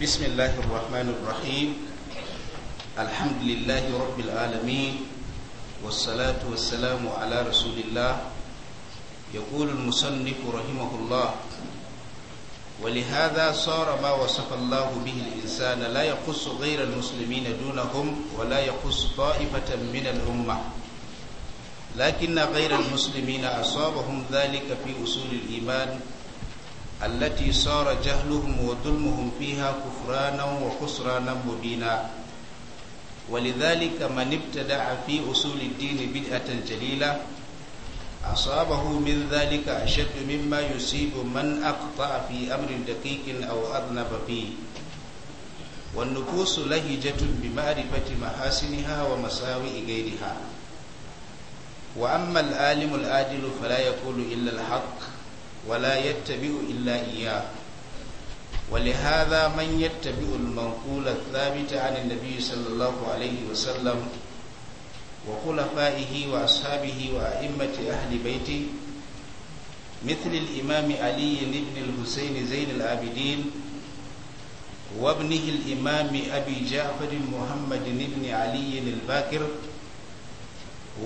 بسم الله الرحمن الرحيم الحمد لله رب العالمين والصلاة والسلام على رسول الله يقول المصنف رحمه الله ولهذا صار ما وصف الله به الإنسان لا يقص غير المسلمين دونهم ولا يقص طائفة من الأمة لكن غير المسلمين أصابهم ذلك في أصول الإيمان التي صار جهلهم وظلمهم فيها كفرانا وخسرانا مبينا ولذلك من ابتدع في أصول الدين بدعة جليلة أصابه من ذلك أشد مما يصيب من أقطع في أمر دقيق أو أذنب فيه والنفوس لهجة بمعرفة محاسنها ومساوئ غيرها وأما العالم العادل فلا يقول إلا الحق ولا يتبع إلا إياه ولهذا من يتبع المنقول الثابت عن النبي صلى الله عليه وسلم وخلفائه وأصحابه وأئمة أهل بيته مثل الإمام علي بن الحسين زين العابدين وابنه الإمام أبي جعفر محمد بن علي الباكر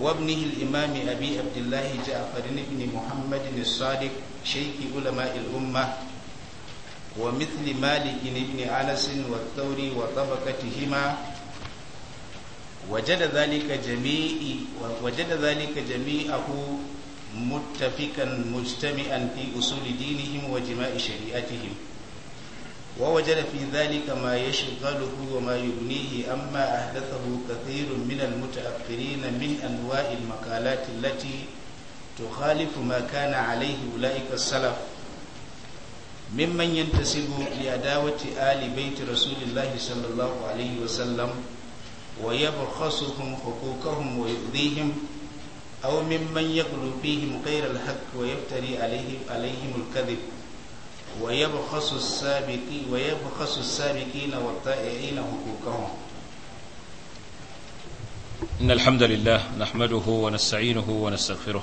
وابنه الإمام أبي عبد الله جعفر بن محمد الصادق شيخ علماء الأمة ومثل مالك بن أنس والثوري وطبقتهما وجد ذلك جميع وجد ذلك جميعه متفقا مجتمعا في أصول دينهم وجماع شريعتهم ووجد في ذلك ما يشغله وما يبنيه أما أحدثه كثير من المتأخرين من أنواع المقالات التي تخالف ما كان عليه أولئك السلف ممن ينتسب لعداوة آل بيت رسول الله صلى الله عليه وسلم ويبخسهم حقوقهم ويؤذيهم أو ممن يغلو فيهم غير الحق ويفتري عليهم, عليهم الكذب ويبخس السابقين ويبخس السابقين والطائعين حقوقهم إن الحمد لله نحمده ونستعينه ونستغفره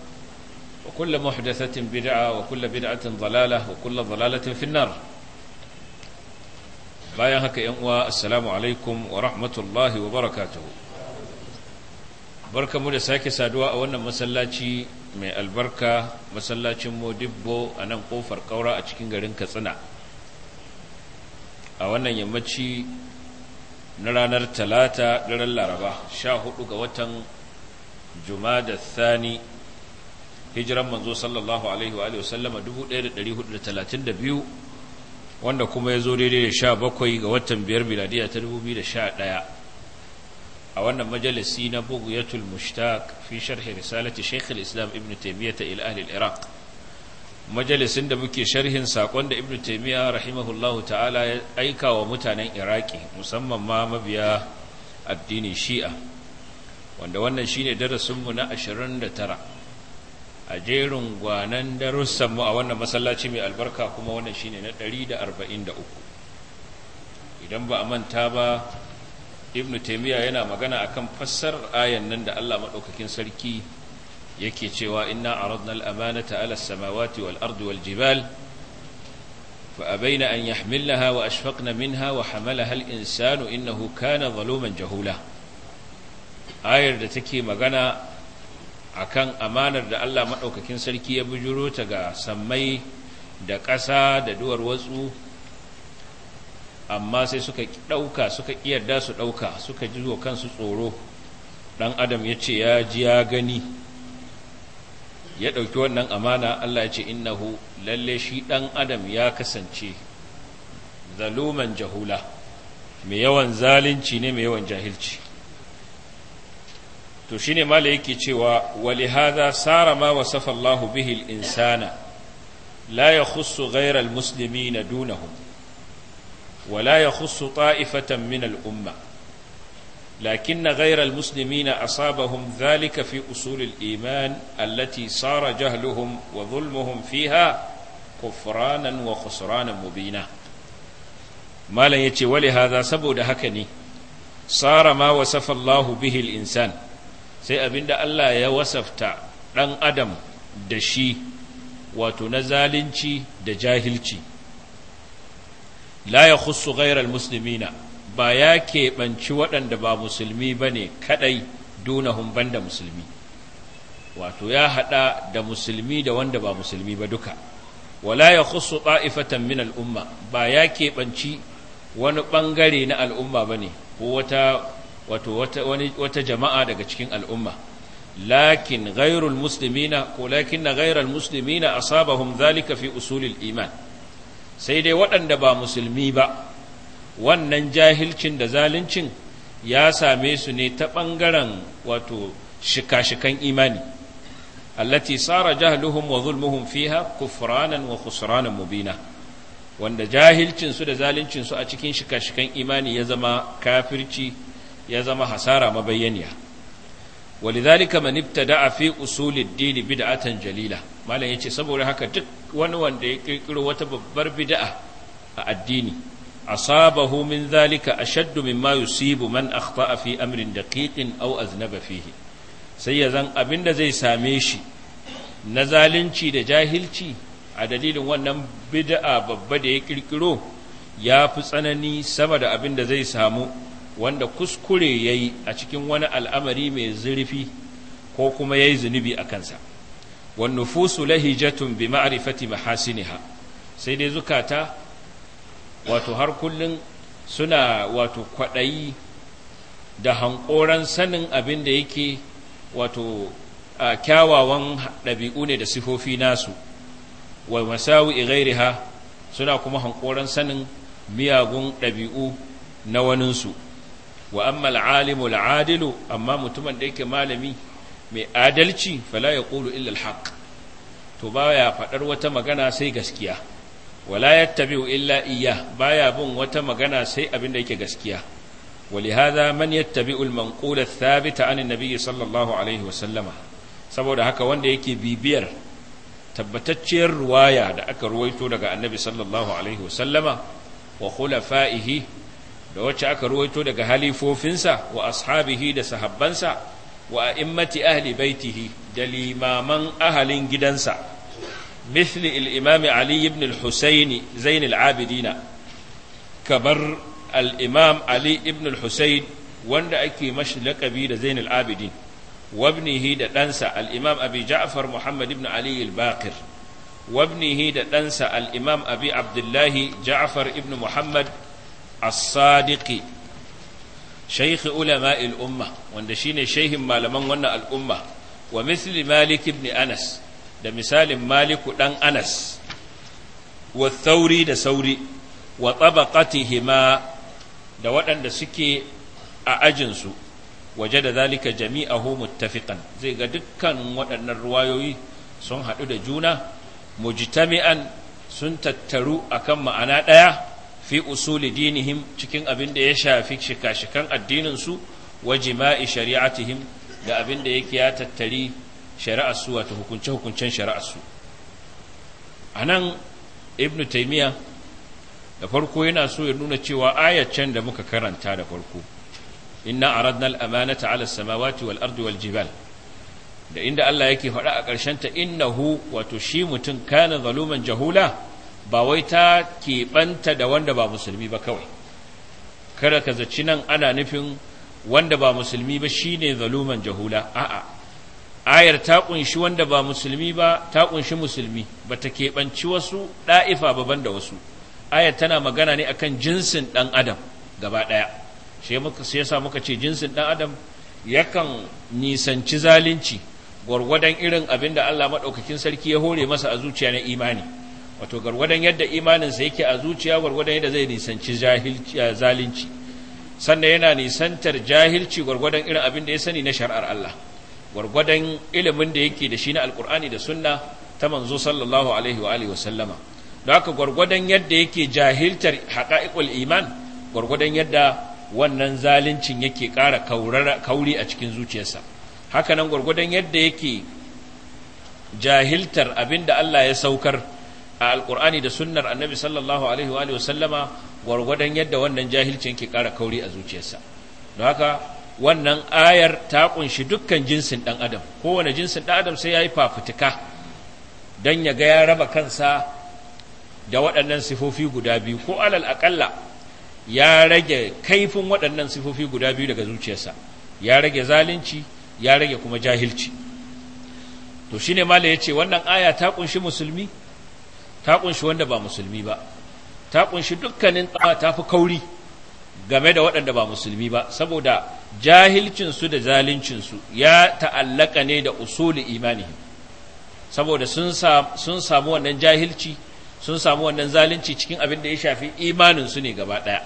وكل محدثة بدعة وكل بدعة ضلالة وكل ضلالة في النار bayan haka yan uwa assalamu alaikum wa rahmatullahi wa Barka barkamu da sake saduwa a wannan masallaci mai albarka masallacin modibbo a nan kofar ƙaura a cikin garin katsina a wannan yammaci na ranar talata daren laraba sha hudu ga watan da Sani. hijiran manzo sallallahu alaihi wa alihi wasallama 1432 wanda kuma ya zo daidai da sha bakwai ga watan biyar miladiya ta 2011 a wannan majalisi na bugiyatul mushtaq fi sharhi risalati shaykh islam ibn taymiyyah ila ahli iraq majalisin da muke sharhin sakon da ibn taymiyyah rahimahullahu ta'ala ya aika wa mutanen iraki musamman ma mabiya addinin shi'a wanda wannan shine darasinmu na 29 a jerin gwanan darussanmu a wannan masallaci mai albarka kuma wannan shine na 143 idan ba a manta ba ibnu taimiyya yana magana akan fassar ayan nan da Allah maɗaukakin sarki yake cewa inna aradna al-amanata ala samawati wal ardi wal jibal fa abaina an yahmilnaha wa ashfaqna minha wa hamalaha al-insanu innahu kana zaluman jahula ayar da take magana akan amanar da Allah maɗaukakin sarki ya bujuro ta ga sammai da ƙasa da duwar watsu amma sai suka ɗauka suka yarda su ɗauka suka ji wa kansu tsoro ɗan adam ya ce ya ji ya gani ya ɗauki wannan amana Allah ya ce innahu lalle shi ɗan adam ya kasance zaluman jahula mai yawan zalunci ne mai yawan jahilci to shi ne cewa wali haza tsara ma wa bihil insana la ya khusu gairar musulmi na dunahun wala ya khusu ta'ifatan min al’umma lakin na gairar musulmi na asabahun zalika fi usulul iman allati tsara jahluhun wa zulmuhun fiha kufuranan wa khusuranan mubina Malam ya ce wali haza saboda haka ne tsara ma wa bihil insan. sai abinda Allah ya wasafta ɗan adam da shi wato na zalunci da jahilci la ya khussu ghairal muslimina ba ya keɓanci waɗanda ba musulmi ba ne kaɗai dunahun banda musulmi wato ya haɗa da musulmi da wanda ba musulmi ba duka wala ya khussu ta'ifatan min al'umma ba ya keɓanci wani ɓangare na al'umma ba ne ko wata wato wata jama'a daga cikin al'umma lakin ghairul muslimina ko lakin na ghairal muslimina asabahum zalika fi usulil iman sai dai waɗanda ba musulmi ba wannan jahilcin da zaluncin ya same su ne ta ɓangaren wato shika-shikan imani allati sara jahluhum wa zulmuhum fiha kufranan wa khusranan mubina wanda jahilcin su da zaluncin su a cikin shika-shikan imani ya zama kafirci ya zama hasara mabayyaniya walidhalika man ibtada'a fi usulid din bid'atan jalila malam yace saboda haka duk wani wanda ya kirkiro wata babbar bid'a a addini asabahu min dhalika ashaddu mimma yusibu man akhta'a fi amrin daqiqin aw aznaba fihi sai ya zan abinda zai same shi na zalunci da jahilci a dalilin wannan bid'a babba da ya kirkiro ya fi tsanani sama da abinda zai samu wanda kuskure ya yi a cikin wani al'amari mai zurfi ko kuma ya yi zunubi a kansa wan nufusu lahijatun bi ma'rifati mahasiniha sai dai zukata wato har kullum suna wato kwaɗayi da hankoran sanin abin da yake wato a kyawawan ɗabi'u ne da sifofi nasu wa masawi ha suna kuma hankoran sanin miyagun ɗabi'u na waninsu wa amma al'alimu al'adilu amma mutumin da yake malami mai adalci fala ya ƙulu illa alhaq to baya faɗar wata magana sai gaskiya wala yattabi'u illa ba baya bin wata magana sai abin da yake gaskiya ولهذا من يتبع المنقول الثابت عن النبي صلى الله عليه وسلم saboda haka wanda yake bibiyar tabbatacciyar ruwaya da aka ruwaito daga annabi sallallahu alaihi wasallama wa khulafa'ihi da wacce aka ruwaito daga halifofinsa wa ashabihi da sahabbansa wa immati ahli baitihi da limaman ahalin gidansa misli al-imam ali ibn al-husayn kabar al'imam imam ali ibn al wanda ake mashi lakabi da zain al-abidin da dansa al-imam abi ja'far muhammad ibn ali baqir wa da dansa al'imam imam abi abdullah ja'far ibn muhammad as-sadiqi shaykh ulama al-umma wanda shine shehin malaman wannan al'umma wa misli malik ibn anas da misalin maliku dan anas wa thauri da sauri wa tabaqatihima da waɗanda suke a su waje da zalika jami'ahu muttafiqan zai ga dukkan waɗannan ruwayoyi sun haɗu da juna mujtami'an sun tattaru akan ma'ana ɗaya fi usuli dinihim cikin abin da ya shafi shika-shikan addininsu wa jima'i shari'atihim da abin da yake ya tattari shari'arsu wato hukunce-hukuncen shari'arsu a nan ibn taimiyya da farko yana so ya nuna cewa can da muka karanta da farko inna a al-amanata ala samawati wal ardi wal jibal da inda Allah yake faɗa a ƙarshen ta innahu wato shi mutum kana zaluman jahula ba wai ta keɓanta da wanda ba musulmi ba kawai kada ka zaci nan ana nufin wanda ba musulmi ba shine zaluman jahula a'a ayar ta ƙunshi wanda ba musulmi ba ta kunshi musulmi ba ta keɓanci wasu ɗa'ifa ba da wasu ayar tana magana ne akan jinsin ɗan adam gaba ɗaya shi yasa muka ce jinsin ɗan adam yakan nisanci zalunci gwargwadon irin abin da Allah maɗaukakin sarki ya hore masa a zuciya na imani wato gargwadon yadda imaninsa yake a zuciya gargwadon yadda zai nisanci zalunci sannan yana nisantar jahilci gargwadon irin abin da ya sani na shari'ar Allah gargwadon ilimin da yake da shi na alkur'ani da sunna ta manzo sallallahu alaihi wa alihi wa sallama don haka gargwadon yadda yake jahiltar haqa'iqul iman gargwadon yadda wannan zaluncin yake ƙara kauri a cikin zuciyarsa haka nan gargwadon yadda yake jahiltar abin da Allah ya saukar a alkur'ani da sunnar annabi sallallahu alaihi wa sallama gwargwadon yadda wannan jahilcin ke ƙara kauri a zuciyarsa don haka wannan ayar ta ƙunshi dukkan jinsin ɗan adam kowane jinsin ɗan adam sai ya yi fafutuka don ya ga ya raba kansa da waɗannan sifofi guda biyu ko alal akalla, ya rage kaifin waɗannan sifofi guda biyu daga zuciyarsa ya rage zalunci ya rage kuma jahilci to shine mala ya ce wannan aya ta ƙunshi musulmi ta kunshi wanda ba musulmi ba ta kunshi dukkanin ta tafi kauri game da waɗanda ba musulmi ba saboda jahilcinsu da zalincinsu ya ta'allaka ne da usuli imanihim saboda sun samu wannan jahilci sun samu wannan zalunci cikin abin da ya shafi imaninsu ne gaba ɗaya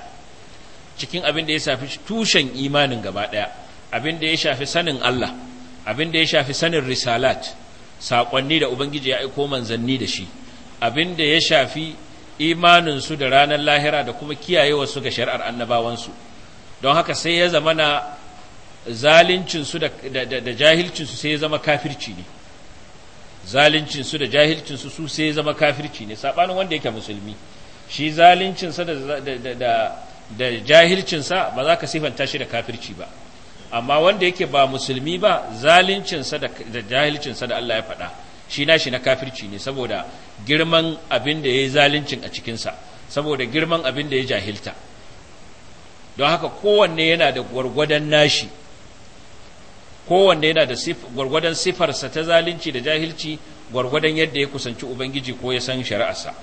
cikin abin da ya shafi tushen imanin gaba ɗaya abin da ya shafi sanin Allah abin da ya shafi sanin risalat saƙonni da ubangiji ya aiko manzanni da shi abin da ya shafi imaninsu da ranar lahira da kuma kiyayewarsu ga shari'ar annabawansu don haka sai ya zama na zalincinsu da jahilcinsu sai ya zama kafirci ne zalincinsu da jahilcinsu su sai ya zama kafirci ne saɓanin wanda yake musulmi shi zalincinsa da jahilcinsa ba za ka sifanta shi da kafirci ba amma wanda yake ba musulmi ba zalincinsa da jahilcinsa da Allah ya faɗa shi na shi na kafirci ne saboda girman abin da ya yi zalincin a cikinsa saboda girman abin da ya jahilta don haka kowanne yana da gwargwadon nashi kowanne yana da gwargwadon sifarsa ta zalunci da jahilci gwargwadon yadda ya kusanci ubangiji ko ya san shari'arsa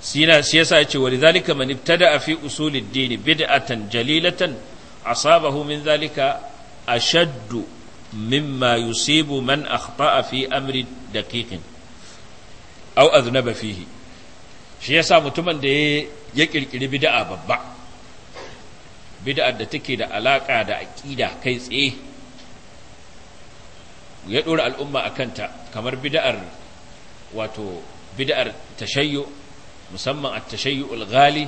sina shi yasa wani wa lidhalika man ibtada fi usulid din bid'atan jalilatan asabahu min dhalika ashaddu mimma yusibu man akhta'a fi amri daqiqin au aznaba fihi shi yasa mutumin da ya kirkiri bid'a babba bid'a da take da alaka da aqida kai tsaye ya dora al'umma akanta kamar bid'ar wato bid'ar tashayyu musamman at-tashayyu al-ghali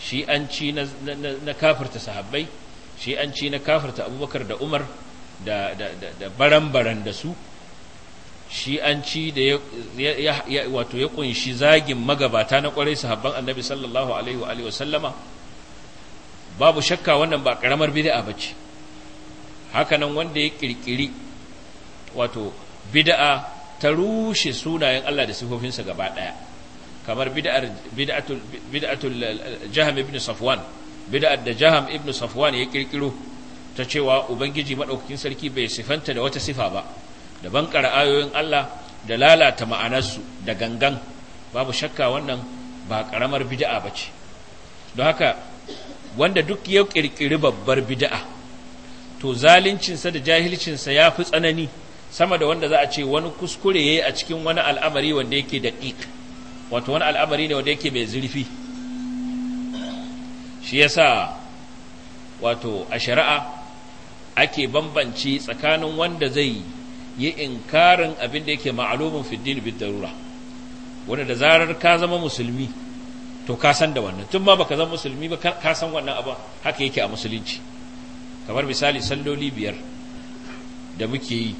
shi an ci na, na, kafirta sahabbai shi an ci na kafirta abubakar da umar da, da, da, da baran-baran da su shi'anci da ya wato ya kunshi zagin magabata na kwarai sahabban annabi sallallahu alaihi wa sallama babu shakka wannan ba karamar bid'a bace hakanan wanda ya kirkiri wato bid'a ta rushe sunayen Allah da sifofinsa gaba daya kamar bid'ar bid'atul bid'atul Jaham ibn Safwan bid'ar da Jaham ibn Safwan ya kirkiro ta cewa ubangiji madaukakin sarki bai sifanta da wata sifa ba da bankara ayoyin Allah da lalata ma'anarsu da gangan babu shakka wannan ba karamar bid'a ce. don haka wanda duk ya kirkiri babbar bid'a to zaluncinsa da jahilcinsa ya fi tsanani sama da wanda za a ce wani kuskure yayi a cikin wani al'amari wanda yake daƙiƙ wato wani al'amari ne wanda yake mai zurfi shi yasa wato a shari'a ake bambanci tsakanin wanda zai yi inkarin abin da yake ma'alumin fiddin bid darura wanda da zarar ka zama musulmi to ka san da wannan tun ma baka zama musulmi ba ka san wannan abin haka yake a musulunci kamar misali salloli biyar da muke yi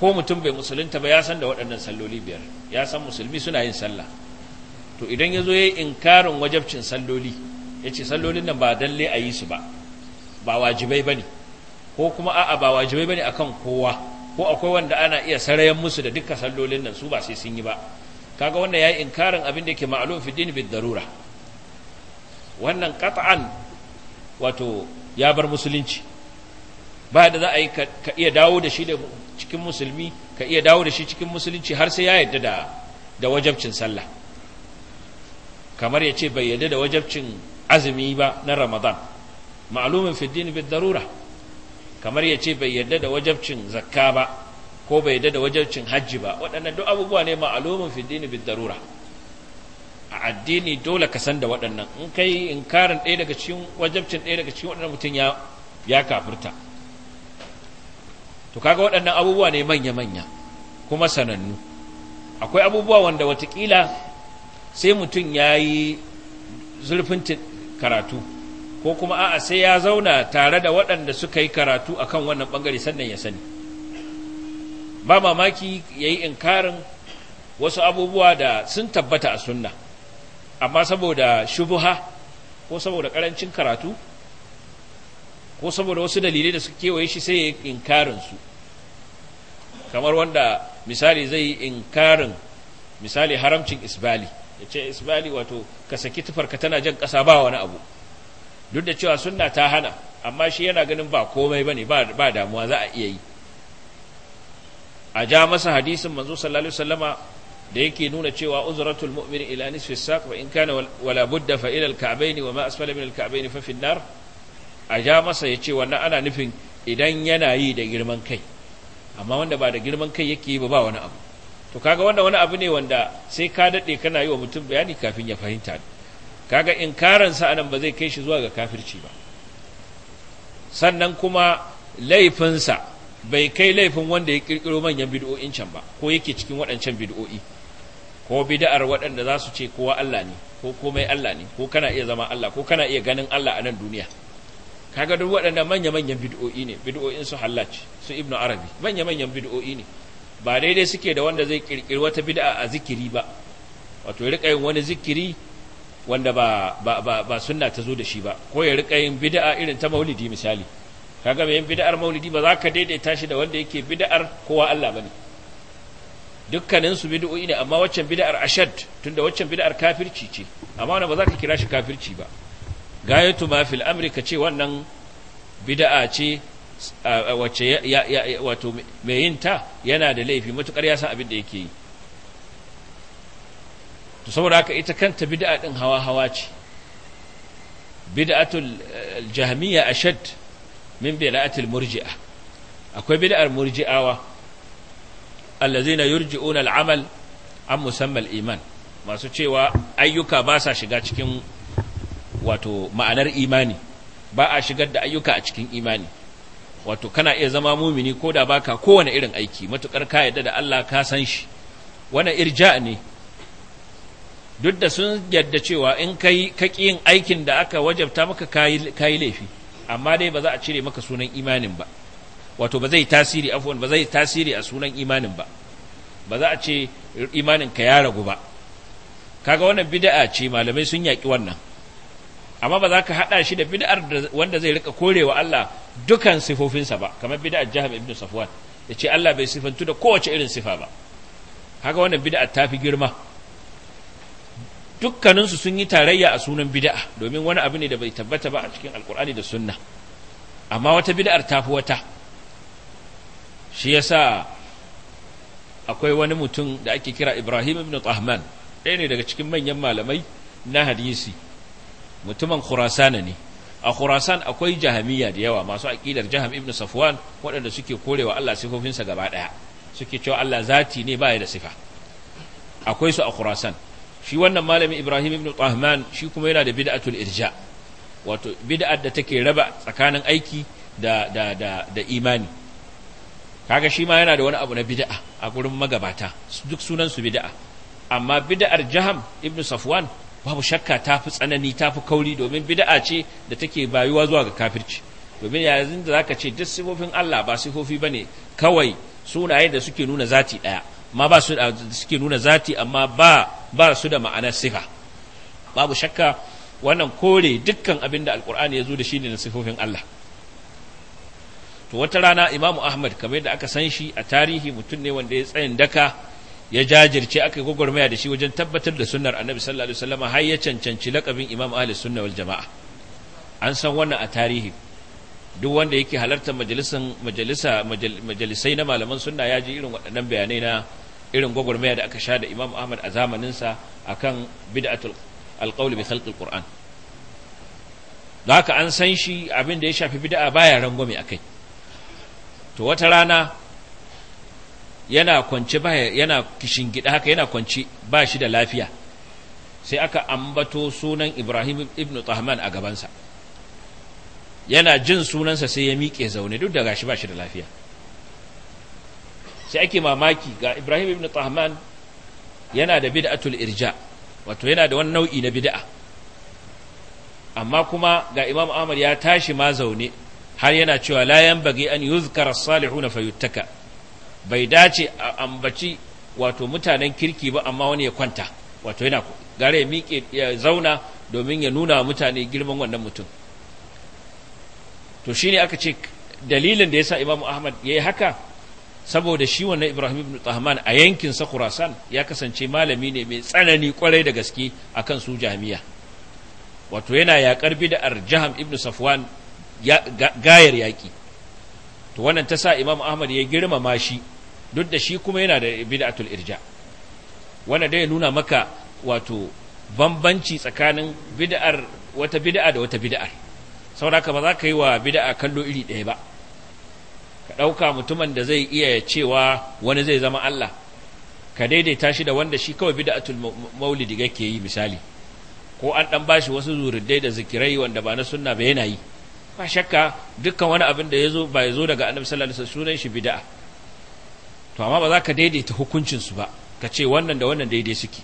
ko mutum bai musulunta ba ya san da waɗannan salloli biyar ya san musulmi suna yin sallah to idan ya zo ya yi inkarin wajabcin salloli ya ce sallolin nan ba dalle a yi su ba ba wajibai ba ne ko kuma a'a ba wajibai ba ne a kan kowa ko akwai wanda ana iya sarayen musu da duka sallolin nan su ba sai sun yi ba kaga wannan yayi inkarin abin da yake ma'lum fi din bid darura wannan qat'an wato ya bar musulunci ba da za a yi ka iya dawo da shi da cikin musulmi ka iya dawo da shi cikin musulunci har sai ya yadda da da wajabcin sallah kamar ya ce bai yadda da wajabcin azumi ba na ramadan ma'lumin fi din bid darura kamar ya ce bai yarda da wajabcin zakka ba ko bai yarda da wajabcin hajji ba waɗannan duk abubuwa ne ma'alumin fi dini bid darura a addini dole ka san da waɗannan in kai inkarin ɗaya daga cikin wajabcin ɗaya daga cikin waɗannan mutum ya ya to kaga waɗannan abubuwa ne manya-manya kuma sanannu akwai abubuwa wanda watakila sai mutum ya yi zurfin karatu ko kuma a'a sai ya zauna tare da waɗanda suka yi karatu akan wannan ɓangare sannan ya sani ba mamaki ya yi inkarin wasu abubuwa da sun tabbata a sunna amma saboda shubuha ko saboda ƙarancin karatu ko saboda wasu dalilai da suka kewaye shi sai ya yi inkarinsu kamar wanda misali zai yi inkarin misali haramcin isbali ya ce isbali wato ka saki tufarka tana jan ƙasa ba wani abu duk da cewa sunna ta hana amma shi yana ganin ba komai bane ba ba damuwa za a iya yi a ja masa hadisin manzo sallallahu alaihi wasallama da yake nuna cewa uzratul mu'min ila nisfi saq wa in kana wala budda fa ila al-ka'bayn wa ma asfala min al-ka'bayn fa fi an-nar a ja masa yace wannan ana nufin idan yana yi da girman kai amma wanda ba da girman kai yake yi ba ba wani abu to kaga wanda wani abu ne wanda sai ka dade kana yi wa mutum bayani kafin ya fahimta kaga inkaransa anan ba zai kai shi zuwa ga kafirci ba sannan kuma laifinsa bai kai laifin wanda ya kirkiro manyan bid'o'in can ba ko yake cikin waɗancan bid'o'i ko bid'ar waɗanda za su ce kowa Allah ne ko komai Allah ne ko kana iya zama Allah ko kana iya ganin Allah a nan duniya kaga duk waɗanda manya-manyan bid'o'i ne bid'o'in su hallaci su ibnu arabi manya-manyan bid'o'i ne ba daidai suke da wanda zai kirkiro wata bid'a a zikiri ba wato rika yin wani zikiri wanda ba ba ba, ba sunna ta zo da shi ba ko ya rika yin bid'a irin ta maulidi misali kaga mai yin bid'ar maulidi ba za ka daidaita shi da wanda yake bid'ar kowa Allah bane dukkanin su bid'o'i ne amma waccan bid'ar ashad tunda waccan bid'ar kafirci ce amma wannan ba za ka kira shi kafirci ba gayatu ma fil amri ka ce wannan bid'a ce wacce wato mai yin ta yana da laifi matukar ya san abin da yake yi to saboda haka ita kanta bid'a din hawa hawa ce bid'atul eh, jahmiya ashad min bid'atil murji'a akwai bid'ar murji'awa allazina yurji'una al'amal an musamma iman masu cewa ayyuka ba sa shiga cikin wato ma'anar imani ba a shigar da ayyuka a cikin imani wato kana iya zama mumini ko da baka kowane irin aiki matukar ka yadda da Allah ka san shi wannan irja ne duk da sun yadda cewa in kai ka yin aikin da aka wajabta maka kayi laifi amma dai ba za a cire maka sunan imanin ba wato ba zai tasiri afwan ba zai tasiri a sunan imanin ba ba za a ce imanin ka ya ragu ba kaga wannan bid'a ce malamai sun yaki wannan amma ba za ka hada shi da bid'ar wanda zai rika korewa Allah dukan sifofinsa ba kamar bid'ar Jahab ibn Safwan yace Allah bai sifantu da kowace irin sifa ba kaga wannan bid'a ta fi girma dukkaninsu sun yi tarayya a sunan bida'a domin wani abu ne da bai tabbata ba a cikin alkur'ani da sunna amma wata bida'ar ta fi wata shi yasa akwai wani mutum da ake kira Ibrahim ibn Tahman ɗaya ne daga cikin manyan malamai na hadisi mutumin Khurasana ne a Khurasan akwai jahamiya da yawa masu aƙidar Jaham ibn Safwan waɗanda suke korewa Allah sifofinsa gaba ɗaya suke cewa Allah zati ne ya da sifa akwai su a Khurasan shi wannan malami Ibrahim ibn Tahman shi kuma yana da bid'atul irja wato bid'ar da take raba tsakanin aiki da da da da imani kaga shi ma yana da wani abu na bid'a a gurin magabata duk sunan su bid'a amma bid'ar Jaham ibn Safwan babu shakka ta fi tsanani ta fi kauri domin bid'a ce da take bayuwa zuwa ga kafirci domin yanzu da zaka ce duk sifofin Allah ba sifofi bane kawai sunaye da suke nuna zati daya ma ba su da suke nuna zati amma ba ba su da ma'anar sifa babu shakka wannan kore dukkan abin da alkur'ani ya zo da shi ne na sifofin Allah to wata rana imamu ahmad kamar da aka san shi a tarihi mutum ne wanda ya tsayin daka ya jajirce aka yi gwagwarmaya da shi wajen tabbatar da sunnar annabi sallallahu alaihi wasallam har ya cancanci lakabin imam ahli sunna wal jama'a an san wannan a tarihi duk wanda yake halarta majalisan majalisa majalisai na malaman sunna ya ji irin waɗannan bayanai na irin gwagwarmaya da aka sha da Imam Ahmad a zamaninsa akan bid'atul alqawl bi khalqil Qur'an haka an san shi abin da ya shafi bid'a baya rangwame a kai to wata rana yana kwance baya yana gida haka yana kwance ba shi da lafiya sai aka ambato sunan Ibrahim ibn Tahman a gabansa yana jin sunansa sai ya miƙe zaune duk da gashi ba shi da lafiya sai ake mamaki ga Ibrahim ibn Tahman yana da bid'atul irja wato yana da wani nau'i na bid'a amma kuma ga Imam Ahmad ya tashi ma zaune har yana cewa la bagi an yuzkara as na fayuttaka bai dace a ambaci wato mutanen kirki ba amma wani ya kwanta wato yana gare ya miƙe ya zauna domin ya nuna mutane girman wannan mutum to shine aka ce dalilin da ya sa imamu ahmad ya yi haka saboda shi wannan ibrahim ibn tahman a yankin sa ya kasance malami ne mai tsanani kwarai da gaske a kan su jami'a wato yana yaƙar bid'ar jaham ibn safwan gayar yaƙi. to wannan ta sa imam ahmad ya girmama shi duk da shi kuma yana da bid'atul irja wannan dai nuna maka wato bambanci tsakanin bid'ar wata bid'a da wata bid'ar sauraka ba za ka yi wa bida'a kallo iri ɗaya ba ka ɗauka mutumin da zai iya cewa wani zai zama Allah ka daidaita shi da wanda shi kawai bida'atul maulidi yake yi misali ko an ɗan bashi wasu zurudai da zikirai wanda ba na sunna ba yana yi ba shakka dukkan wani abin da ya zo ba ya zo daga annabi sallallahu alaihi wasallam sunan shi bid'a to amma ba za ka daidaita hukuncin su ba ka ce wannan da wannan daidai suke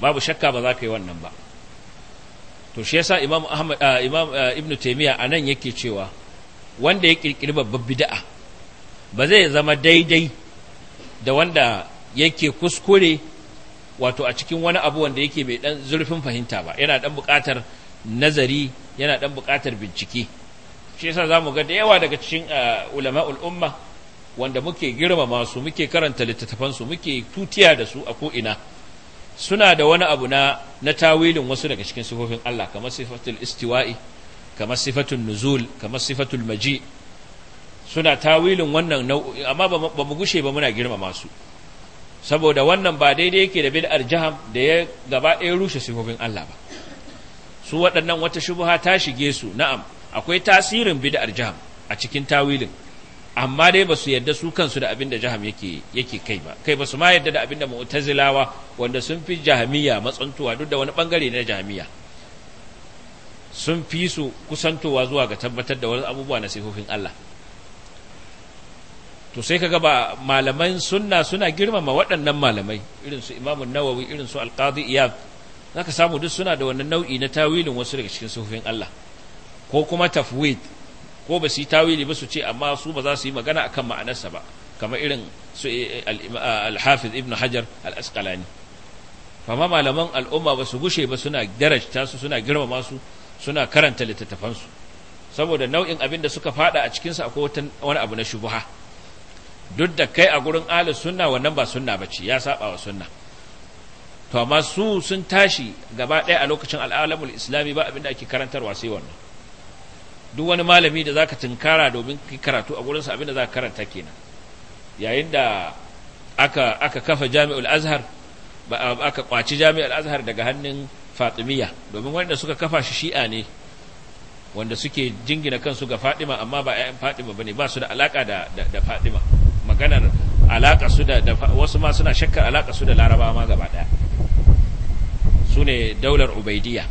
babu shakka ba za ka yi wannan ba to shi yasa imam ahmad ah, imam ah, ibnu taymiya anan yake cewa wanda ya kirkiri babbar bid'a ba zai zama daidai da wanda yake kuskure wato a cikin wani abu wanda yake mai dan zurfin fahimta ba yana dan buƙatar nazari yana dan buƙatar bincike shi yasa zamu ga da yawa daga cikin ah, ulama'ul umma wanda muke girmama su muke karanta littattafan su muke tutiya da su a ko ina suna da wani abu na na tawilin wasu daga cikin sifofin Allah kamar sifatul istiwa'i kamar sifatul nuzul kamar sifatul maji suna tawilin wannan nau'i amma ba mu gushe ba muna girmama su saboda wannan ba daidai yake da bid'ar jaham da ya gaba ɗaya rushe sifofin Allah ba su waɗannan wata shubuha ta shige su na'am akwai tasirin bid'ar jaham a cikin tawilin amma dai ba su yadda su kansu da abin da jaham yake yake kai ba kai ba su ma yadda da abin da mu'tazilawa wanda sun fi jahamiyya matsantuwa duk da wani bangare na jahamiyya sun fi su kusantowa zuwa ga tabbatar da wasu abubuwa na sifofin Allah to sai kaga ba malaman sunna suna girmama waɗannan malamai irin su Imam Nawawi irin su Al-Qadi Iyad zaka samu duk suna da wannan nau'i na tawilin wasu daga cikin sifofin Allah ko kuma tafwid ko ba su yi tawili ba su ce amma su ba za su yi magana akan ma'anarsa ba kamar irin su eh, al-hafiz ibn hajar al-asqalani fama malaman al'umma ba su gushe ba suna darajta su suna girmama su suna karanta littattafansu saboda nau'in abin da suka fada a cikinsa akwai wani abu na shubuha duk da kai a gurin ahlus sunna wannan ba sunna bace ya saba wa sunna to amma su sun tashi gaba ɗaya a lokacin al'alamul islami ba abin da ake karantarwa sai wannan duk wani malami da zaka tunkara domin ki karatu a gurin abin da zaka karanta kenan yayin da aka aka kafa jami'ul azhar ba aka kwaci jami'ul azhar daga hannun fatimiyya domin wanda suka kafa shi shi'a ne wanda suke jingina kansu ga fatima amma ba 'ya'yan fatima bane ba su da alaka da da fatima maganar alaka su da wasu ma suna shakkar alaka su da laraba ma gaba daya su daular ubaidiyya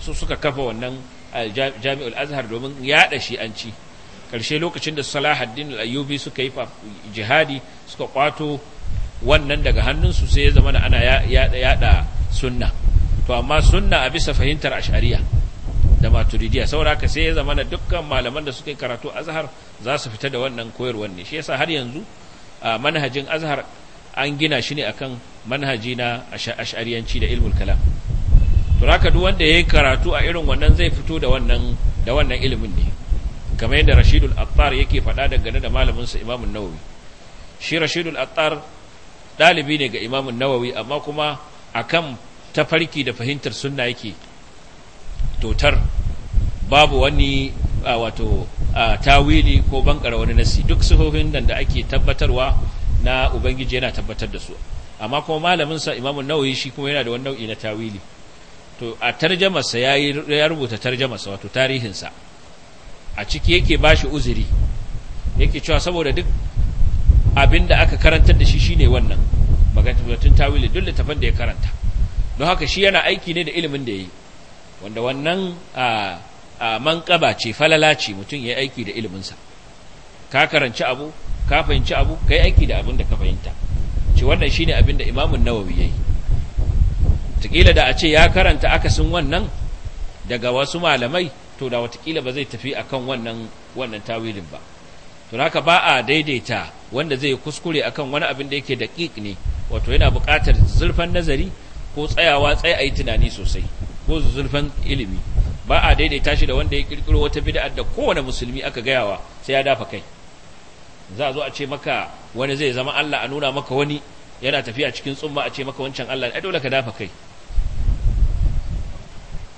su suka kafa wannan jami'ul azhar domin yaɗa ci ƙarshe lokacin da salahaddin ayyubi suka yi jihadi suka kwato wannan daga hannunsu sai ya zama ana yaɗa sunna to amma sunna a bisa fahimtar ashariya da maturidiya saboda ka sai ya zama na dukkan malaman da suka yi karatu azhar za su fita da wannan koyarwar ne shi yasa har yanzu a manhajin azhar an gina shi ne akan manhaji na ash'ariyanci da ilmul kalam to raka duk wanda yayi karatu a irin wannan zai fito da wannan da wannan ilimin ne kamar yadda Rashidul Attar yake faɗa dangane da malamin sa Imam Nawawi shi Rashidul Attar dalibi ne ga Imam Nawawi amma kuma akan tafarki da fahimtar sunna yake totar babu wani wato tawili ko bankara wani nasi duk dan da ake tabbatarwa na ubangiji yana tabbatar da su amma kuma malamin sa Imam Nawawi shi kuma yana da wani nau'i na tawili to a tarjamarsa ya rubuta tarjamarsa wato tarihinsa a ciki yake ba shi uzuri yake cewa saboda duk abin da aka karantar da shi shine wannan magatun tawili duk littafin da ya karanta don haka shi yana aiki ne da ilimin da ya yi wanda wannan a manƙaba ce falala ce mutum ya aiki da iliminsa ka karanci abu ka fahimci abu ka yi aiki da abin da ka fahimta ce wannan shine abin da imamun nawawi ya yi watakila da a ce ya karanta akasin wannan daga wasu malamai to da watakila ba zai tafi akan wannan wannan tawilin ba to haka ba a daidaita wanda zai kuskure akan wani abin da yake da ne wato yana buƙatar zurfan nazari ko tsayawa tsaye a yi tunani sosai ko zurfan ilimi ba a daidaita shi da wanda ya ƙirƙiro wata bid'a da kowane musulmi aka gayawa sai ya dafa kai za a zo a ce maka wani zai zama Allah a nuna maka wani yana tafiya cikin tsumma a ce maka wancan Allah ai dole ka dafa kai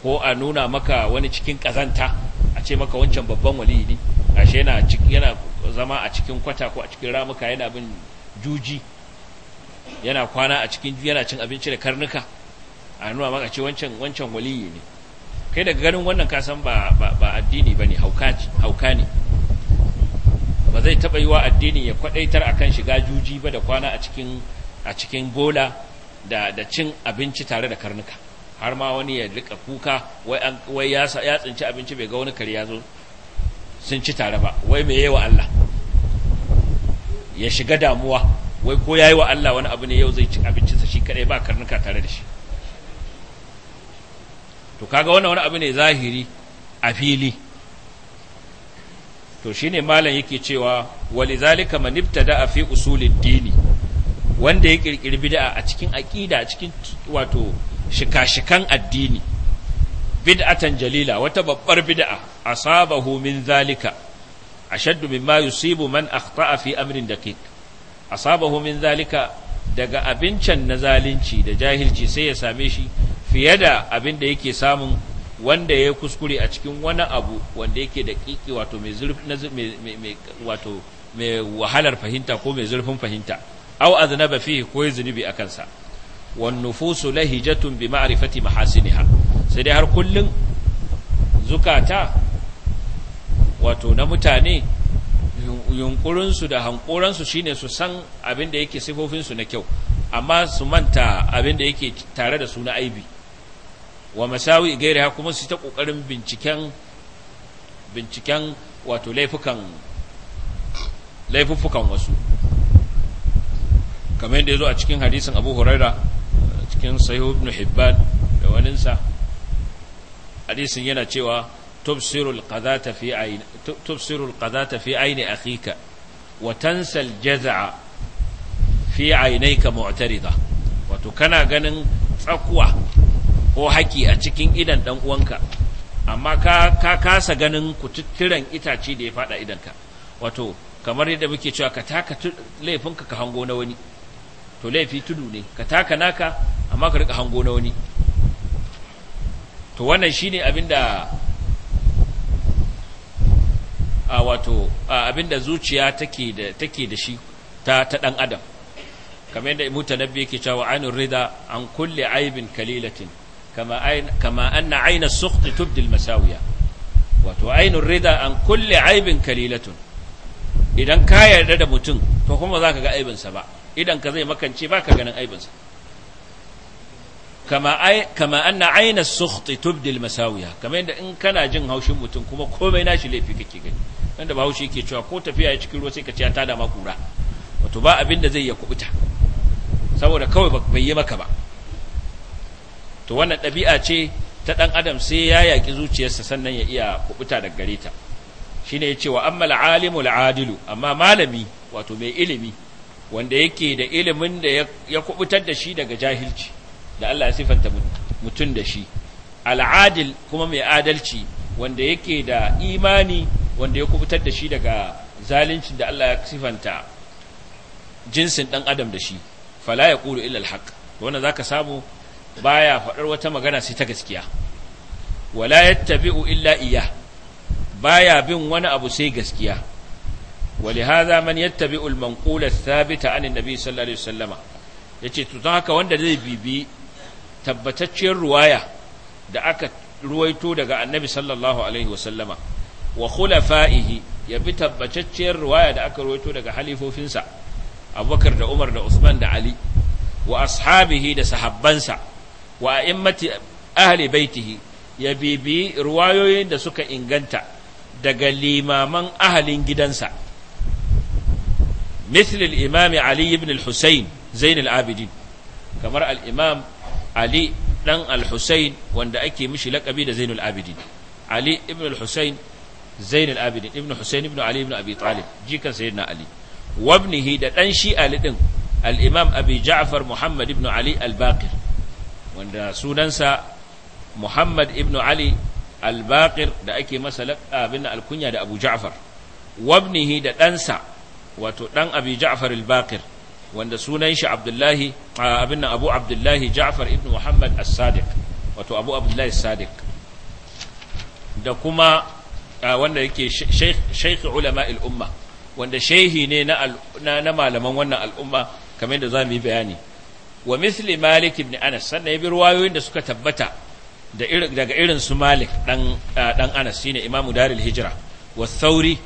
ko a nuna maka wani cikin kazanta a ce maka wancan babban wali ne ashe yana yana zama a cikin kwata ko a cikin ramuka yana bin juji yana kwana a cikin yana cin abinci da karnuka a nuna maka ce wancan wancan ne kai daga ganin wannan ka san ba ba addini ba ne hauka ne ba zai taba yi wa addini ya kwadaitar akan shiga juji ba da kwana a cikin a cikin bola da da cin abinci tare da karnuka har ma wani ya rika kuka wai ya tsinci abinci bai ga wani kare ya zo sun ci tare ba wai me wa Allah ya shiga damuwa wai ko yayi wa Allah wani abu ne yau zai ci abincinsa shi kadai ba karnuka tare da shi to kaga wannan wani abu ne zahiri a fili to shine malam yake cewa walizalika man ibtada fi usulid dini wanda ya kirkiri bid'a a cikin aqida a cikin wato shika-shikan addini bid'atan jalila wata babbar bid'a asabahu min zalika ashaddu mimma yusibu man akhta'a fi amrin daqiq asabahu min zalika daga abincin na zalunci da jahilci sai ya same shi fiye da abin da yake samun wanda ya kuskure a cikin wani abu wanda yake da kiki wato mai wato mai wahalar fahimta ko mai zurfin fahimta au aznaba fihi ko ya zunubi akan wan nufusu lahijatun bi ma'rifati mahasiniha sai dai har kullun zukata wato na mutane yunkurinsu da hankuransu shine su san abin da yake sifofinsu na kyau amma su manta abin da yake tare da su na aibi wa masawi gairaha kuma su ta kokarin binciken binciken wato laifukan laifuffukan wasu kamar yadda ya zo a cikin hadisin abu hurairah cikin sahihu ibn hibban da waninsa hadisin yana cewa tubsirul kaza fi qadata fi aini akhika wa tansa aljaz'a fi aynayka mu'tarida wato kana ganin tsakuwa ko haki a cikin idan dan uwanka amma ka ka kasa ganin kututturen itace da ya fada idanka wato kamar yadda muke cewa ka taka laifinka ka hango na wani to laifi tudu ne ka taka naka amma ka rika hango na wani to wannan shine abinda a wato abinda zuciya take da take da shi ta ta dan adam kamar yadda mutanabbi yake cewa ainur rida an kulli aibin kalilatin kama ain kama anna aina as-sukht tubdi al-masawiya wato ainur rida an kulli aibin kalilatun idan ka yarda da mutum to kuma zaka ga aibinsa ba idan ka zai makance ba ka ganin aibinsa kama anna aina sukhti tubdil masawiya kama yadda in kana jin haushin mutum kuma komai nashi laifi kake gani wanda ba haushi yake cewa ko tafiya ya cikin ruwa sai ka dama ta da ma kura wato ba abin da zai ya kubuta saboda kawai bai yi maka ba to wannan ɗabi'a ce ta ɗan adam sai ya yaƙi zuciyarsa sannan ya iya kubuta daga gare ta shine ya ce wa amma al'alimu al'adilu amma malami wato mai ilimi wanda yake da ilimin da ya kubutar da shi daga jahilci da Allah ya sifanta mutum da shi al'adil kuma mai adalci wanda yake da imani wanda ya kubutar da shi daga zalincin da Allah ya sifanta jinsin ɗan adam da shi fala ya kula illal haq wanda za ka samu baya faɗar wata magana sai ta gaskiya wala yattabi'u illa iya baya bin wani abu sai gaskiya ولهذا من يتبع المنقول الثابت عن النبي صلى الله عليه وسلم yace to don haka wanda zai bibi tabbataccen ruwaya da aka ruwaito daga annabi sallallahu alaihi wasallama wa khulafa'ihi ya bi tabbataccen ruwaya da aka ruwaito daga halifofinsa abubakar da umar da usman da ali wa ashabihi da sahabbansa wa a'immati ahli baitihi ya bibi ruwayoyin da suka inganta daga limaman ahalin gidansa مثل الإمام علي بن الحسين زين العابدين كما الإمام علي دان الحسين وندا أكي مشي لقبي زين العابدين علي ابن الحسين زين العابدين ابن حسين ابن علي ابن أبي طالب جيكا سيدنا علي وابنه دا دان شي آلدن الإمام أبي جعفر محمد ابن علي الباقر وندا سونانسا محمد ابن علي الباقر دا أكي مسا لقبنا الكنيا دا أبو جعفر وابنه دا دانسا wato dan abi ja'far al-baqir wanda sunan shi abdullahi abin abu abdullahi ja'far ibn muhammad as-sadiq wato abu abdullahi as sadiq da kuma wanda yake shaikh ulama al-umma wanda shehi ne na na malaman wannan al'umma kamar yadda za mu yi bayani wa misli malik ibn anas sannan ya bi ruwayoyin da suka tabbata daga irin su malik dan dan anas shine imamu daril hijra wa sauri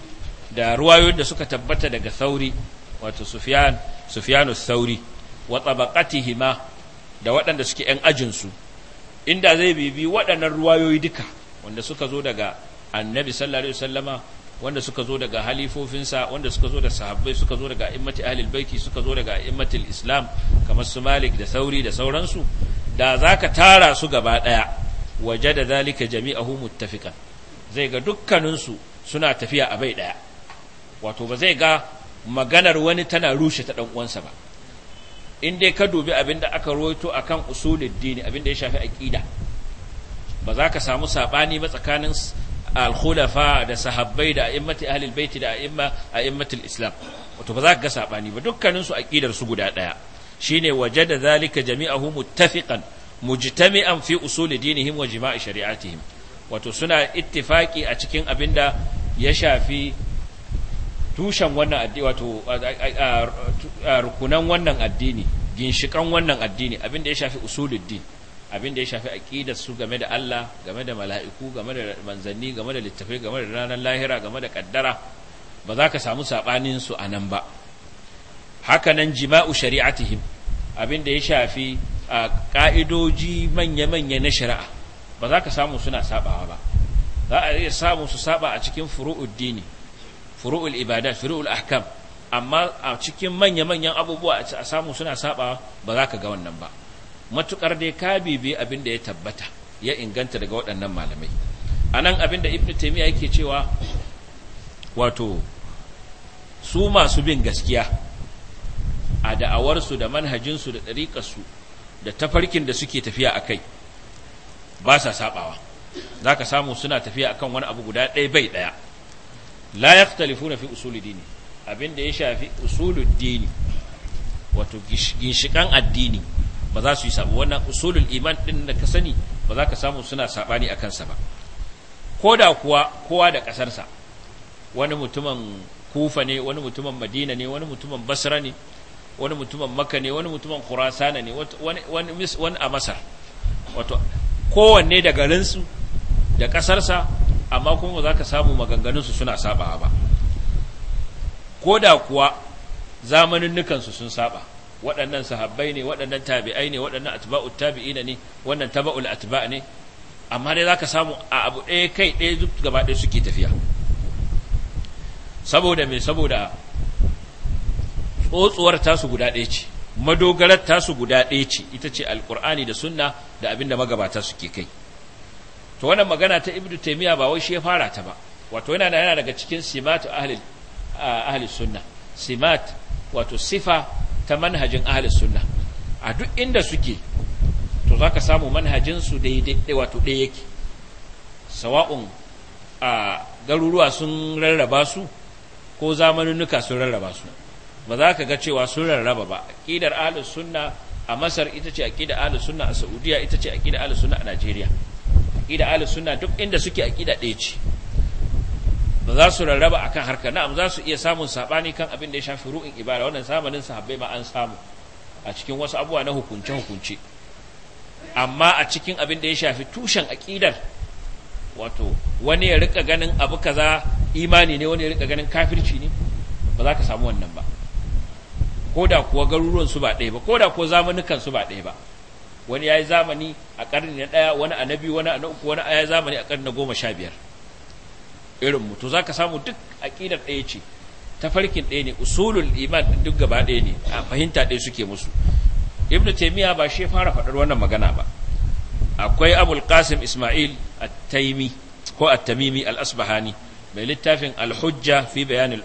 da ruwayoyin da suka tabbata daga sauri wato sufyan sufyanu sauri wa tabaqatihima da waɗanda suke yan ajinsu inda zai bibi waɗannan ruwayoyi duka wanda suka zo daga annabi sallallahu alaihi wasallama wanda suka zo daga halifofinsa wanda suka zo da sahabbai suka zo daga immati ahlul baiti suka zo daga immatil islam kamar su malik da sauri da sauransu da zaka tara su gaba daya waje da zalika jami'ahu muttafiqan zai ga dukkaninsu suna tafiya a bai daya wato ba zai ga maganar wani tana rushe ta ɗan uwansa ba in dai ka dubi abin da aka rawaito akan kan dini abin da ya shafi aqida ba za ka samu sabani ba tsakanin al da sahabbai da a'immatu ahlul bait da a'immatul islam wato ba za ka ga sabani ba dukkaninsu su su guda ɗaya shine wajada zalika jami'ahu muttafiqan mujtami'an fi usuli dinihim wa jima'i shari'atihim wato suna ittifaki a cikin abinda ya shafi tushen wannan addini wato rukunan wannan addini ginshikan wannan addini abinda ya shafi usuluddin abin da ya shafi aqidar su game da Allah game da mala'iku game da manzanni game da littafai game da ranar lahira game da kaddara ba za ka samu sabanin su anan ba haka nan jima'u shari'atihim abin da ya shafi ka'idoji manya-manya na shari'a ba za ka samu suna sabawa ba za a iya samu su saba a cikin furu'uddini furu'ul ibadat furu'ul ahkam amma a cikin manya-manyan abubuwa a samu suna saba ba za ka ga wannan ba matukar dai ka bibi abin da ya tabbata ya inganta daga waɗannan malamai a nan abin da ibn taimiyya yake cewa wato su masu bin gaskiya a da'awarsu da manhajinsu da ɗariƙarsu da tafarkin da suke tafiya a kai ba sa saɓawa za ka samu suna tafiya akan wani abu guda ɗaya bai ɗaya la yakhtalifuna fi usuli dini abin da ya shafi usulul dini wato ginshikan addini ba za su yi sabo wannan usulul iman din da ka sani ba za ka samu suna sabani a kansa ba ko da kuwa kowa da kasarsa wani mutumin kufa ne wani mutumin madina ne wani mutumin basra ne wani mutumin makka ne wani mutumin khurasana ne wani a masar wato kowanne da garinsu da kasarsa amma kuma za ka samu maganganunsu suna saba ba ko da kuwa zamaninnukansu sun saba waɗannan sahabbai ne waɗannan tabi'ai ne waɗannan atba'u tabi'ina ne wannan taba'ul atba' ne amma dai za ka samu a abu ɗaya kai ɗaya duk gaba ɗaya suke tafiya saboda me saboda tsotsuwar tasu guda ɗaya ce madogarar tasu guda ɗaya ce ita ce alƙur'ani da sunna da abin da magabata suke kai to wannan magana ta ibnu taymiya ba wai shi ya fara ta ba wato yana yana daga cikin simat ahli ahli sunna simat wato sifa ta manhajin ahli sunna a duk inda suke to zaka samu manhajin su daidai wato ɗaya yake sawa'un a garuruwa sun rarraba su ko nuka sun rarraba su ba za ka ga cewa sun rarraba ba aqidar ahli sunna a Masar ita ce aqidar ahli sunna a Saudiya ita ce aqidar ahli sunna a Najeriya aqida ahlus sunna duk inda suke aqida ɗaya ce ba za su rarraba akan harka na'am za su iya samun sabani kan abin da ya shafi ru'in ibada wannan zamanin sahabbai ma an samu a cikin wasu abubuwa na hukunce hukunce amma a cikin abin da ya shafi tushen aqidar wato wani ya rika ganin abu kaza imani ne wani ya rika ganin kafirci ne ba za ka samu wannan ba ko da kuwa garuruwan su ba ɗaya ba ko da kuwa zamanukan su ba ɗaya ba wani ya yi zamani a ƙarni na ɗaya wani a na biyu wani a na uku wani ya yi zamani a ƙarni na goma sha biyar irin mu to za ka samu duk aƙidar ɗaya ce tafarkin ɗaya ne usulul iman duk gaba ɗaya ne a fahimta ɗaya suke musu ibnu taimiyya ba shi fara faɗar wannan magana ba akwai abul qasim isma'il at ko at-tamimi al-asbahani mai littafin al-hujja fi bayan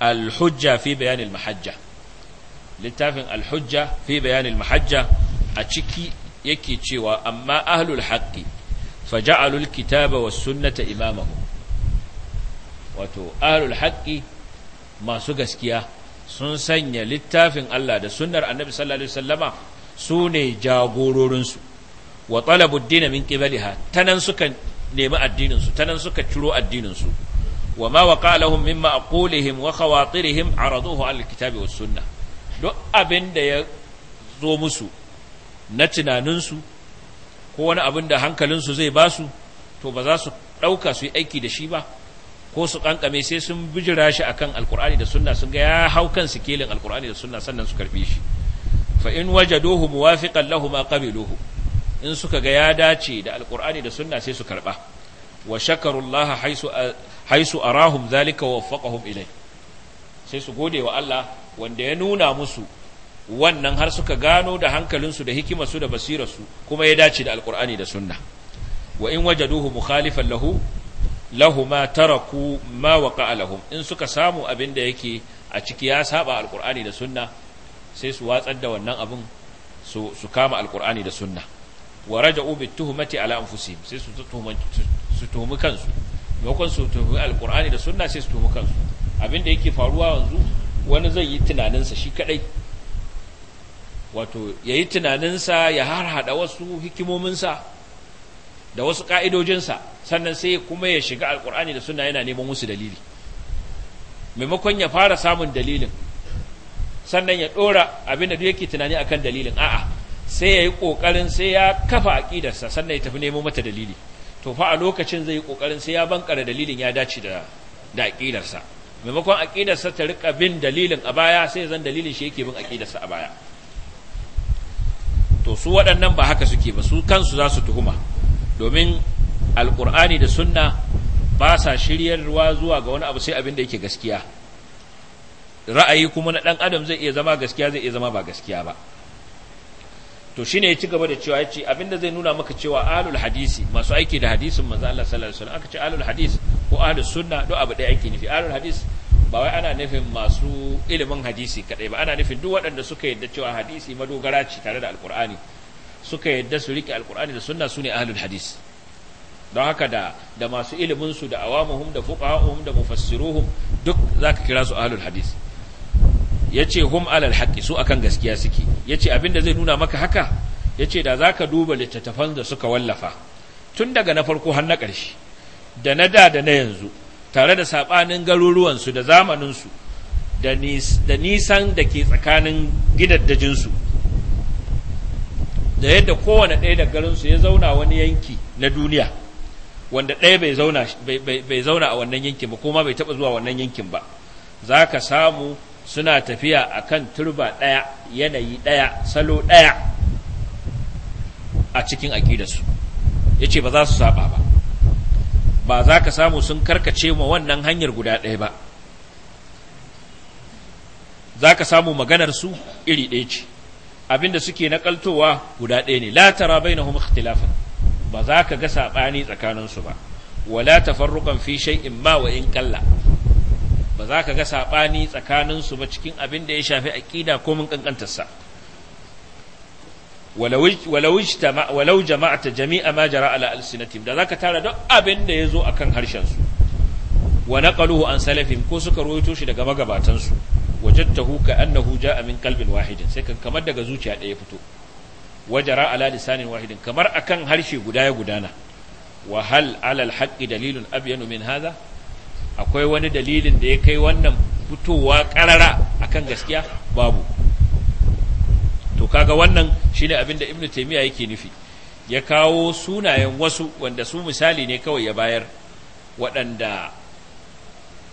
al-hujja fi bayan al-mahajja littafin alhujja fi bayanin mahajja a ciki yake cewa amma ahlul fa faja'alul kitaba wa sunnata imamahu wato ahlul masu gaskiya sun sanya littafin Allah da sunnar annabi sallallahu alaihi wasallama su ne jagororinsu wa talabuddin min qibaliha tanan suka nemi addininsu tanan suka ciro addininsu wa ma waqa lahum mimma aqulihim wa khawatirihim araduhu al kitabi was sunnah duk abin da ya zo musu na tunaninsu ko wani abin da hankalinsu zai ba su to ba za su ɗauka su yi aiki da shi ba ko su ƙanƙame sai sun bijira shi akan alkur'ani da sunna sun ga ya hau kan kelin alkur'ani da sunna sannan su karbi shi fa in wajaduhu muwafiqan lahu ma qabiluhu in suka ga ya dace da alkur'ani da sunna sai su karba wa shakarullaha haisu haisu arahum zalika wa waffaqahum ilai sai su gode wa Allah wanda ya nuna musu wannan har suka gano da hankalinsu da hikimarsu da basirarsu kuma ya dace da alkur'ani da sunna wa in wajaduhu mukhalifan lahu lahu ma taraku ma waqa'a lahum in suka samu abin da yake a ciki ya saba alkur'ani da sunna sai su watsar da wannan abin su su kama alkur'ani da sunna wa raja'u bituhmati ala anfusihim sai su su tuhumi kansu maimakon su tuhumi alkur'ani da sunna sai su tuhumi kansu abin da yake faruwa yanzu wani zai yi tunaninsa shi kadai wato ya yi tunaninsa ya harhaɗa wasu hikimominsa da wasu ƙa'idojinsa sannan sai kuma ya shiga alkurani da suna yana neman musu dalili maimakon ya fara samun dalilin sannan ya ɗora abin da duk yake tunani akan dalilin a'a sai ya yi ƙoƙarin sai ya kafa aƙidarsa sannan ya tafi nemo mata dalili to fa a lokacin zai yi kokarin sai ya bankara dalilin ya dace da aƙidarsa maimakon aƙidarsa ta rika bin dalilin a baya sai zan dalilin shi yake bin aƙidarsa a baya to su waɗannan ba haka suke ba su kansu za su tuhuma domin alƙur'ani da sunna ba sa shiryarwa zuwa ga wani abu sai abin da yake gaskiya ra'ayi kuma na ɗan adam zai iya zama gaskiya zai iya zama ba gaskiya ba to shine ya ci gaba da cewa yace abinda zai nuna maka cewa alul hadisi masu aiki da hadisin manzo Allah sallallahu alaihi wasallam aka ce alul hadis ko ahlus sunna duk abu da yake nufi alul hadis ba wai ana nufin masu ilimin hadisi kadai ba ana nufin duk waɗanda suka yadda cewa hadisi madogara ce tare da alqur'ani suka yadda su rike alqur'ani da sunna sune ahlul hadis don haka da da masu ilimin su da awamuhum da fuqahum da mufassiruhum duk zaka kira su ahlul hadis yace hum alal haƙi su akan gaskiya suke yace da zai nuna maka haka yace da za ka duba littattafan da suka wallafa tun daga na farko har na ƙarshe da na da da na yanzu tare da saɓanin garuruwansu da zamaninsu da nisan da ke tsakanin gidaddajinsu da yadda kowane ɗaya da garinsu ya zauna wani yanki na duniya wanda ɗaya bai zauna bai zauna a wannan yankin ba kuma bai taɓa zuwa wannan yankin ba za ka samu suna tafiya a kan turba ɗaya yanayi ɗaya salo ɗaya a cikin aƙidarsu ya ce ba za su saba ba ba za ka samu sun karkace ma wannan hanyar guda ɗaya ba za ka samu maganarsu iri ɗaya ce abinda suke nakaltowa guda ɗaya ne latara bai na ikhtilafan ba za ka ga saɓani tsakaninsu ba wala tafarruqan fi shai'in ma wa in kalla. ba za ka ga saɓani tsakaninsu ba cikin abin da ya shafi aƙida ko mun ƙanƙantarsa walau ta jami'a ma jara ala alsinatim da za ka tara duk abin da ya zo a kan harshensu wa naqaluhu an salafin ko suka rawaito shi daga magabatansu wajadtahu ka annahu ja'a min kalbin wahidin sai kan kamar daga zuciya ɗaya fito wajara ala lisanin wahidin kamar akan harshe guda ya gudana wa hal alal haƙƙi dalilun abyanu min hadha akwai wani dalilin da ya kai wannan fitowa karara akan gaskiya babu to kaga wannan shine abin da ibnu taymiya yake nufi ya kawo sunayen wasu wanda su misali ne kawai ya bayar waɗanda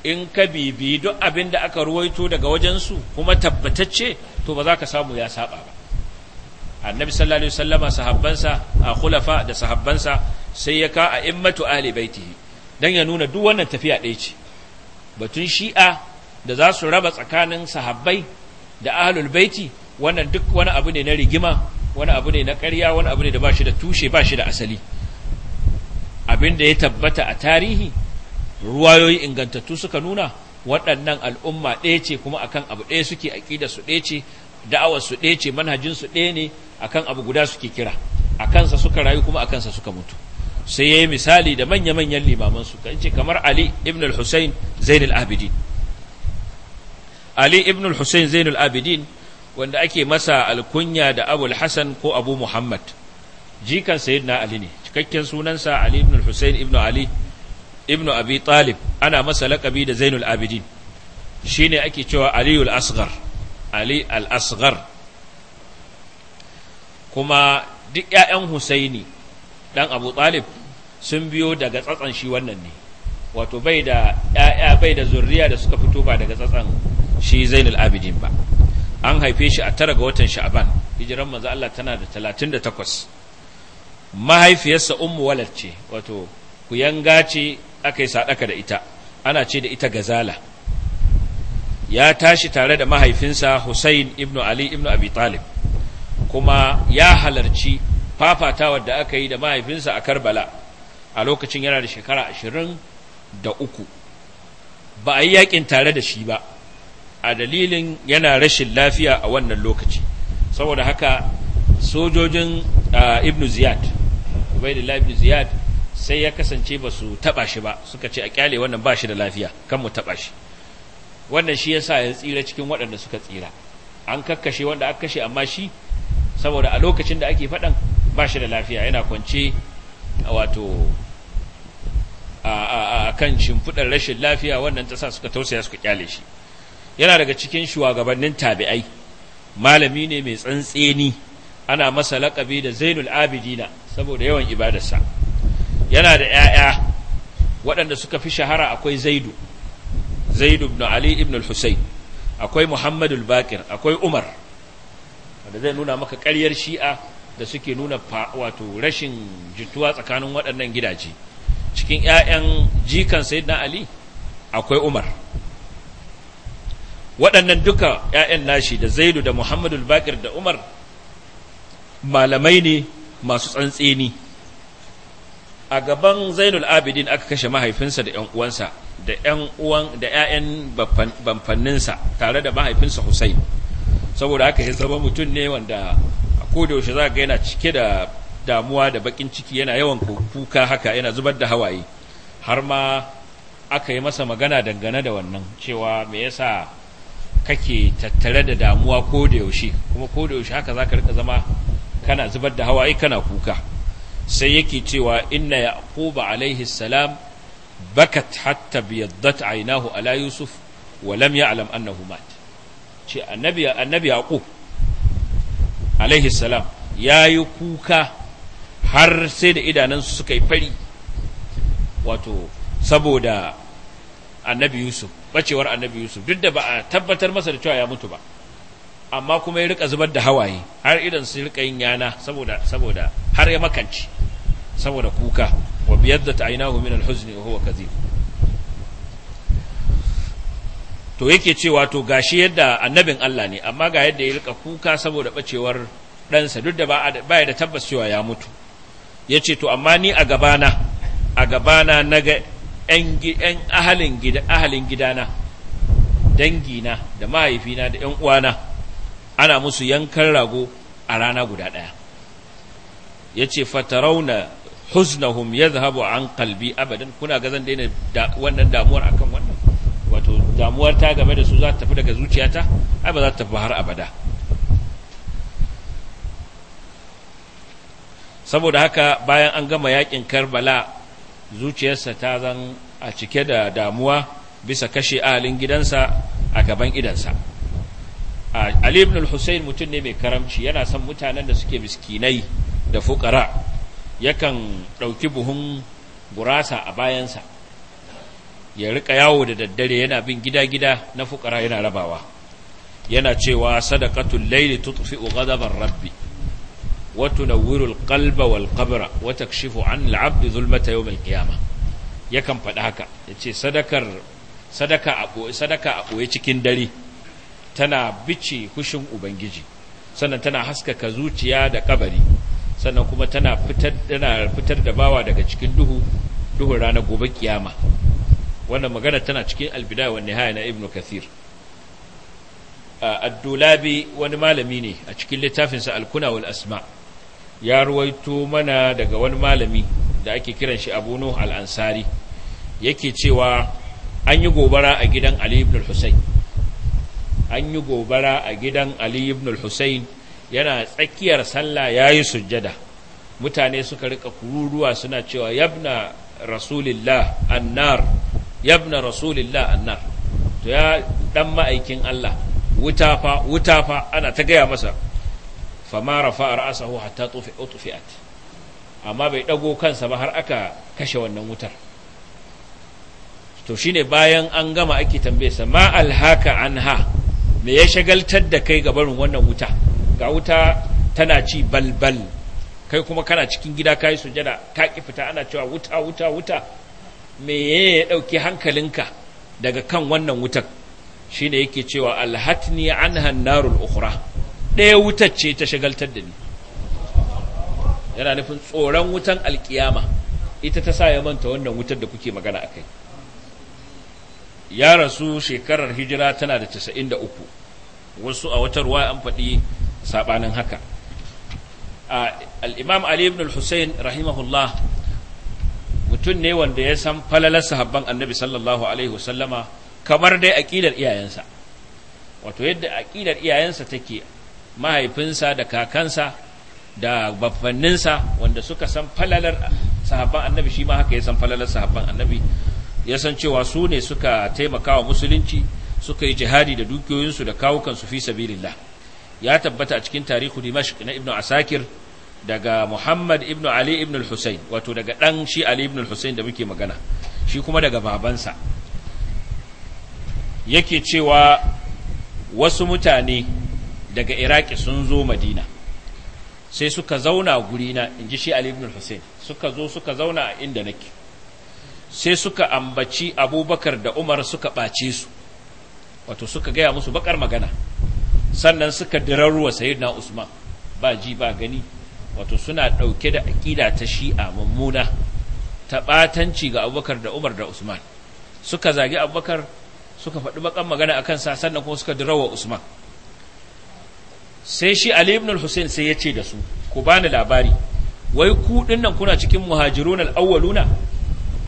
in ka bibi duk abin da aka ruwaito daga wajensu kuma tabbatacce to ba za ka samu ya saba ba annabi sallallahu alaihi wasallama sahabbansa a khulafa da sahabbansa sai ya ka a immatu ahli baitihi don ya nuna duk wannan tafiya ɗaya ce batun shi'a da za su raba tsakanin sahabbai da ahalul baiti wannan duk wani abu ne na rigima wani abu ne na ƙarya wani abu ne da ba shi da tushe ba shi da asali abin da ya tabbata a tarihi ruwayoyi ingantattu suka nuna waɗannan al'umma ɗaya ce kuma akan abu ɗaya suke aƙida su ɗaya ce da'awar su ɗaya ce manhajin su ɗaya ne akan abu guda suke kira akansa suka rayu kuma akansa suka mutu sai ya yi misali da manya-manyan limamansu kan ce kamar ali ibn al-hussein zainul abidin ali ibn al-hussein zainul abidin wanda ake masa alkunya da abul hasan ko abu muhammad jikan sayyidina ali ne cikakken sunansa ali ibn al-hussein ibn ali ibn abi talib ana masa lakabi da zainul abidin shine ake cewa aliyul asghar ali al-asghar kuma duk ‘ya'yan Husaini ɗan Abu Talib sun biyo daga tsatsan shi wannan ne wato bai da ƴaƴa bai da zurriya da suka fito ba daga tsatsan shi Zainul Abidin ba an haife shi a tara ga watan Sha'aban. hijiran manzo Allah tana da 38 mahaifiyarsa ummu walad ce wato kuyanga ce akai sadaka da ita ana ce da ita gazala ya tashi tare da mahaifinsa Hussein ibn Ali ibn Abi Talib kuma ya halarci fafatawar da aka yi da mahaifinsa a Karbala a lokacin yana da shekara ashirin da uku ba a yi yakin tare da shi ba a dalilin yana rashin lafiya a wannan lokaci saboda haka sojojin ibn ziyad ubaidullah ibn ziyad sai ya kasance ba su taba shi ba suka ce a kyale wannan ba shi da lafiya kan mu taba shi wannan shi yasa ya tsira cikin waɗanda suka tsira an kakkashe wanda aka kashe amma shi saboda a lokacin da ake faɗan ba shi da lafiya yana kwance wato a kan shimfiɗar rashin lafiya wannan ta sa suka tausaya suka kyale shi yana daga cikin shugabannin tabi'ai malami ne mai tsantseni ana masa laƙabi da zainul abidina saboda yawan ibadarsa yana da 'ya'ya waɗanda suka fi shahara akwai zaidu zaidu ibn ali ibn al-husayn akwai muhammadul bakir akwai umar wanda zai nuna maka ƙaryar shi'a da suke nuna wato rashin jituwa tsakanin waɗannan gidaje cikin 'ya'yan jikan na ali akwai umar waɗannan duka 'ya'yan nashi da zaidu da Muhammadu bakir da umar malamai ne masu tsantseni a gaban zainul abidin aka kashe mahaifinsa da 'yan uwansa da 'yan uwan da 'ya'yan bamfanninsa tare da mahaifinsa hussain saboda aka yi zama mutum ne wanda a kodayaushe za ga yana cike da damuwa da bakin ciki yana yawan kuka haka yana zubar da hawaye har ma aka yi masa magana dangane da wannan cewa me yasa kake tattare da damuwa ko da yaushe kuma ko da yaushe haka zaka rika zama kana zubar da hawaye kana kuka sai yake cewa inna yaqub alaihi salam bakat hatta biyaddat aynahu ala yusuf wa lam ya'lam annahu mat ce annabi annabi yaqub alaihi salam yayi kuka har sai da idanansu suka yi fari wato saboda annabi yusuf bacewar annabi yusuf duk da ba a tabbatar masa da cewa ya mutu ba amma kuma ya rika zubar da hawaye har idan su rika yin yana saboda saboda har ya makanci saboda kuka wa biyaddat aynahu min alhuzni wa huwa kadhib to yake cewa to gashi yadda annabin Allah ne amma ga yadda ya rika kuka saboda bacewar ɗansa duk da ba ya da tabbas cewa ya mutu ya ce to amma ni a gabana a gabana na ga 'yan ahalin gidana dangina da mahaifina da 'yan uwana ana musu yankan rago a rana guda ɗaya ya ce fatarauna huznahum ya zahabu an kalbi abadan kuna ga zan daina wannan damuwar akan wannan wato damuwar ta game da su za ta tafi daga zuciyata ai ba za ta tafi har abada saboda haka bayan an gama yakin karbala zuciyarsa ta zan a cike da damuwa bisa kashe ahalin gidansa a gaban idansa ali ibn al-husayn mutum ne mai karamci yana son mutanen da suke miskinai da fukara yakan ɗauki buhun gurasa a bayansa ya rika yawo da daddare yana bin gida-gida na fukara yana rabawa yana cewa sadaqatul layli tutfi'u ghadabar rabbi وتنور القلب والقبر وتكشف عن العبد ظلمة يوم القيامة yakan faɗi haka ya ce sadakar sadaka a ɓoye cikin dare tana bice kushin ubangiji sannan tana haskaka zuciya da ƙabari sannan kuma tana fitar fitar da bawa daga cikin duhu duhu ranar gobe kiyama wannan magana tana cikin albidaya wa nihaya na ibnu kathir addulabi wani malami ne a cikin littafinsa alkuna wal asma' ya ruwaito mana daga wani malami da ake kiran shi abu nuh al'ansari yake cewa an yi gobara a gidan ali ibn al-husayn an yi gobara a gidan ali ibn al-husayn yana tsakiyar sallah ya yi sujjada mutane suka rika kururuwa suna cewa yabna rasulillah annar yabna rasulillah annar to ya dan ma'aikin allah wuta fa wuta fa ana ta gaya masa fama rafa ra'sahu hatta tufi amma bai ɗago kansa ba har aka kashe wannan wutar to ne bayan an gama ake tambaye ma alhaka anha me ya shagaltar da kai ga wannan wuta ga wuta tana ci balbal kai kuma kana cikin gida kayi sujada ka ki fita ana cewa wuta wuta wuta me ya ɗauki hankalinka daga kan wannan wutar shine yake cewa alhatni anha narul ukhra ɗaya wutar ce ta shagaltar da ni yana nufin tsoron wutan alkiyama ita ta sa ya manta wannan wutar da kuke magana kai. ya rasu shekarar hijira tana da 93 wasu a wata ruwa an faɗi saɓanin haka al'imam ali ibn al-hussein rahimahullah mutum ne wanda ya san falalar sahabban annabi sallallahu alaihi wasallama kamar dai aƙidar iyayensa wato yadda aƙidar iyayensa take mahaifinsa da kakansa da babbanninsa wanda suka san falalar sahabban annabi shi ma haka ya san falalar sahabban annabi ya san cewa su ne suka taimaka wa musulunci suka yi jihadi da dukiyoyinsu da kawukansu fi sabilillah ya tabbata a cikin tarihu dimashq na ibnu asakir daga muhammad ibnu ali Ibnu al-husayn wato daga dan shi ali Ibnu al-husayn da muke magana shi kuma daga babansa yake cewa wasu mutane daga iraki sun zo madina sai suka zauna gurina in ji shi ali ibn hussein suka zo suka zauna a inda nake sai suka ambaci abubakar da umar suka ɓace su wato suka gaya musu bakar magana sannan suka dirarruwa sayyidina usman ba ji ba gani wato suna ɗauke da aƙida ta shi'a mummuna ta ɓatanci ga abubakar da umar da usman suka zagi abubakar suka faɗi bakan magana a kansa sannan kuma suka dirawa usman sai shi ali ibn al-husayn sai yace da su ku bani labari wai ku dinnan kuna cikin muhajirun al-awwaluna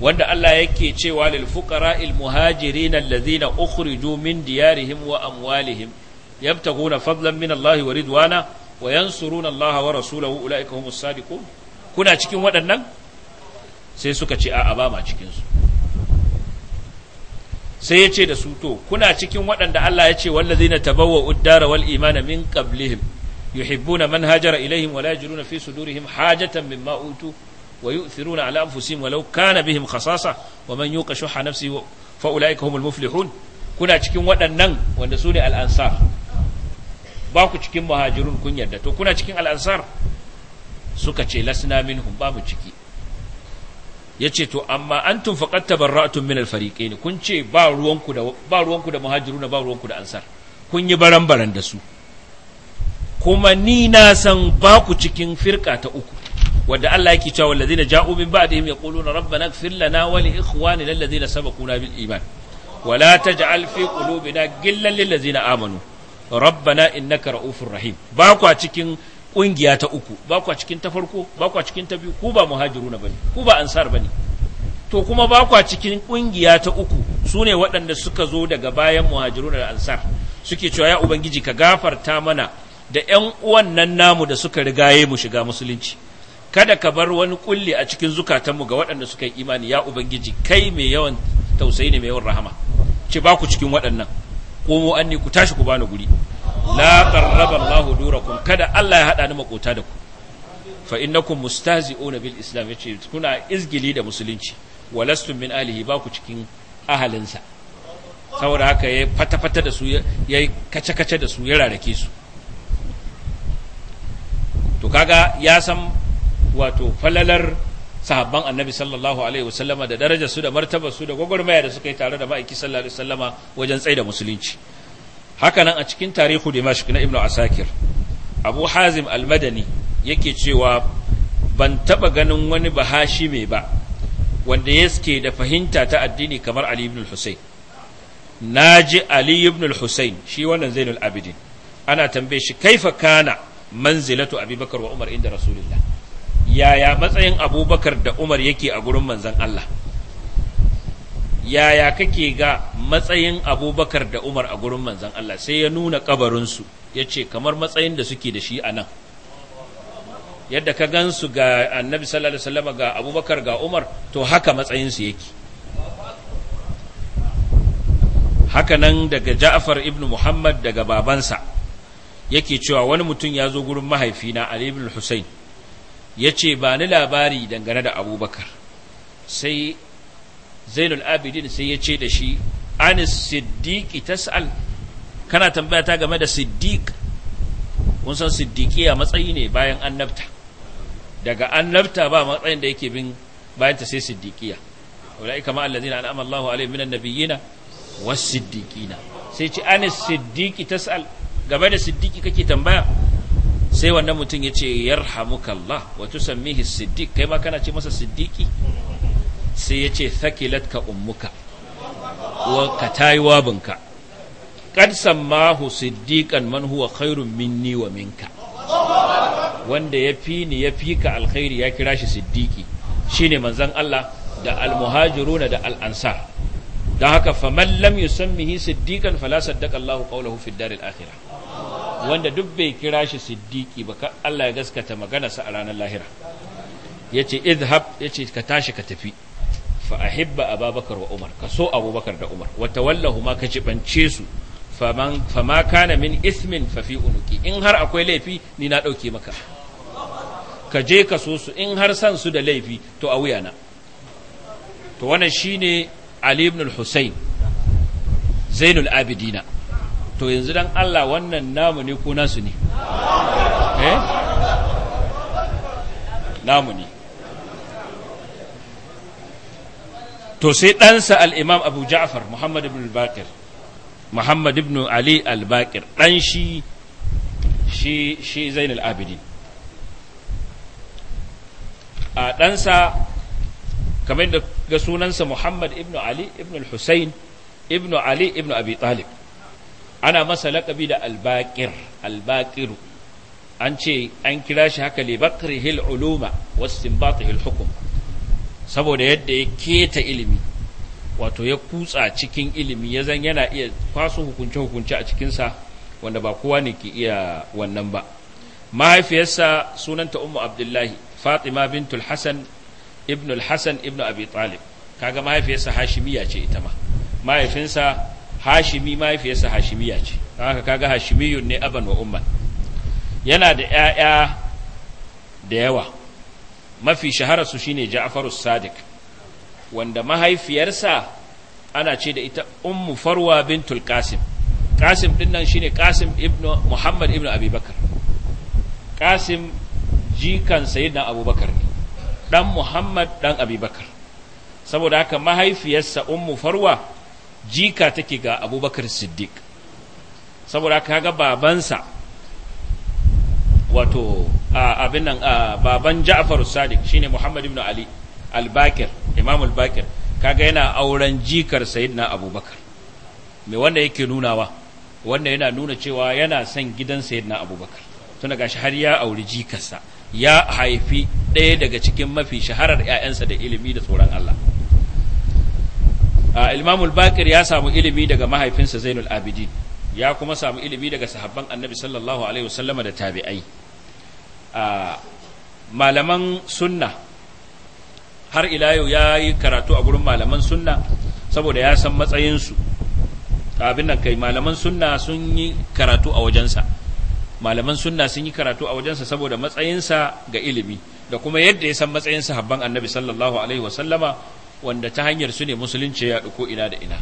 wanda Allah yake cewa lil fuqara'il muhajirin alladhina ukhriju min diyarihim wa amwalihim yabtaguna fadlan min Allah wa ridwana wa yansuruna Allah wa rasulahu ulaika humus sadiqun kuna cikin waɗannan sai suka ce a'a ba ma cikin su sai ya ce da su to kuna cikin waɗanda Allah ya ce wallazina tabawwa uddara wal imana min qablihim yuhibbuna man hajara ilaihim wala yajiduna fi sudurihim hajatan mimma utu wa yu'thiruna ala anfusihim walau kana bihim khasasa wa man yuqa shuhha nafsihi fa ulaika humul muflihun kuna cikin waɗannan wanda su ne al-ansar ba ku cikin muhajirun kun yadda to kuna cikin al-ansar suka ce lasna minhum babu mu ciki yace to amma antum faqad tabarra'tum min al ne kun ce ba ruwanku da ba muhajiruna ba ruwanku da ansar kun yi baran-baran da su kuma ni na san ba ku cikin firka ta uku wadda Allah yake cewa wallazina ja'u min ba'dihim yaquluna rabbana ighfir lana wa li ikhwanina na sabaquna bil iman wa la taj'al fi qulubina ghillan lil ladzina amanu rabbana innaka ra'ufur rahim ba ku cikin kungiya ta uku ba a cikin ta farko ba a cikin ta biyu ku ba muhajiruna bane ku ba ansar bane to kuma ba a cikin ƙungiya ta uku sune waɗanda suka zo daga bayan muhajiruna da ansar suke cewa ya ubangiji ka gafarta mana da ƴan uwan nan namu da suka rigaye mu shiga musulunci kada ka bar wani kulli a cikin zukatanmu ga waɗanda suka yi imani ya ubangiji kai mai yawan tausayi ne mai yawan rahama ce ba ku cikin waɗannan komo ne ku tashi ku bani guri la qarraba Allahu durakum kada Allah ya hada ni makota da ku fa innakum mustazi'una bil islam yace kuna izgili da musulunci walastum min alihi ba ku cikin ahalinsa saboda haka ya fata fata da su ya kace kace da su ya rarake su to kaga ya san wato falalar sahabban annabi sallallahu alaihi wasallama da darajar su da martabar su da gwagwarmaya da suka yi tare da ma'aiki sallallahu alaihi wasallama wajen tsaida musulunci hakanan a cikin tarihu dimashq na ibnu asakir abu hazim almadani yake cewa ban taba ganin wani bahashi mai ba wanda yake da fahimta ta addini kamar ali ibn al-husayn naji ali ibn al-husayn shi wannan zainul abidin ana tambaye shi kaifa kana manzilatu abubakar wa umar inda rasulullah yaya matsayin abubakar da umar yake a gurin manzon Allah yaya kake ga matsayin abubakar da umar a gurin manzan Allah sai ya nuna kabarinsu ya ce kamar matsayin da suke da shi a nan yadda ka gansu ga annabi sallallahu alaihi wasallam ga abubakar ga umar to haka matsayinsu yake haka nan daga ja'far ibn muhammad daga babansa yake cewa wani mutum ya zo gurin mahaifina ali ibn Husayn ya ce ba ni labari dangane da abubakar sai zainul abidin sai ya ce da shi anis siddiqi tas'al kana tambaya ta game da siddiq kun san siddiqiya matsayi ne bayan annabta daga annabta ba matsayin da yake bin bayan ta sai siddiqiya ulaika ma allazina an'ama Allahu alaihim minan nabiyyina was-siddiqina sai ce anis siddiqi tas'al game da siddiqi kake tambaya sai wannan mutum ya ce yarhamukallah wa tusammihi siddiq kai ma kana ce masa siddiqi sai ya ce thakilat ka ummuka ka yi wabinka kad sammahu siddiqan man huwa khairun minni wa minka wanda ya fi ni ya fi ka alkhairi ya kira shi siddiqi shine manzon Allah da almuhajiruna da al'ansa don haka faman lam yusammihi siddiqan fala saddaqa Allahu qawluhu fi daril akhirah wanda duk bai kira shi siddiƙi ba Allah ya gaskata maganarsa a ranar lahira yace idhab yace ka tashi ka tafi fa ahibba ababakar wa umar ka so abubakar da umar wa tawallahu ma ka jibance su fama kana min ismin fa fi unuki in har akwai laifi ni na ɗauke maka ka je ka so su in har san su da laifi to a na to wannan shine ali ibn al-husayn zainul abidina to yanzu dan Allah wannan namu ne ko nasu ne eh namu ne to sai ɗansa al'imam abu ja'far muhammad ibn al-bakir muhammad ibn ali al-bakir ɗan shi shi shi abidin a ɗansa kamar da ga sunansa muhammad ibn ali ibn al-husayn ibn ali ibn abi talib ana masa laƙabi da al-bakir al-bakiru an ce an kira shi haka li bakri hil uluma wasu hil hukum saboda yadda ya keta ilimi wato ya kutsa cikin ilimi ya zan yana iya kwaso hukunce-hukunce a cikinsa wanda ba kowa ne ke iya wannan ba mahaifiyarsa sunanta umu abdullahi fatima bintul hasan ibn ibnu ibnu abi talib kaga mahaifiyarsa hashimiya ce ita ma mahaifinsa hashimi mahaifiyarsa hashimiya ce haka kaga hashimiyun ne aban wa umman yana da 'ya'ya da yawa mafi shahararsu shine ja'farus sadiq wanda mahaifiyarsa ana ce da ita ummu farwa bintul qasim qasim din nan shine qasim ibnu muhammad ibnu abubakar qasim jikan sayyidina abubakar ne dan muhammad dan abubakar saboda haka mahaifiyarsa ummu farwa jika take ga abubakar siddiq saboda haka ga babansa wato abin nan baban Ja'far Sadiq shine Muhammad ibn Ali al-Bakir Imam al-Bakir kaga yana auren jikar Sayyidina Abubakar me wanda yake nunawa wanda yana nuna cewa yana son gidan Sayyidina Abubakar tunda gashi har ya auri jikarsa ya haifi ɗaya daga cikin mafi shaharar 'ya'yansa da ilimi da tsoron Allah Imam al-Bakir ya samu ilimi daga mahaifinsa Zainul Abidin ya kuma samu ilimi daga sahabban Annabi sallallahu alaihi wasallama da tabi'ai malaman sunna har ila yau ya yi karatu a gurin malaman sunna saboda ya san matsayinsu abin nan kai malaman sunna sun yi karatu a wajensa malaman sunna sun yi karatu a wajensa saboda matsayinsa ga ilimi da kuma yadda ya san matsayinsa sahabban annabi sallallahu alaihi wasallama wanda ta hanyar su ne musulunci ya ɗuko ina da ina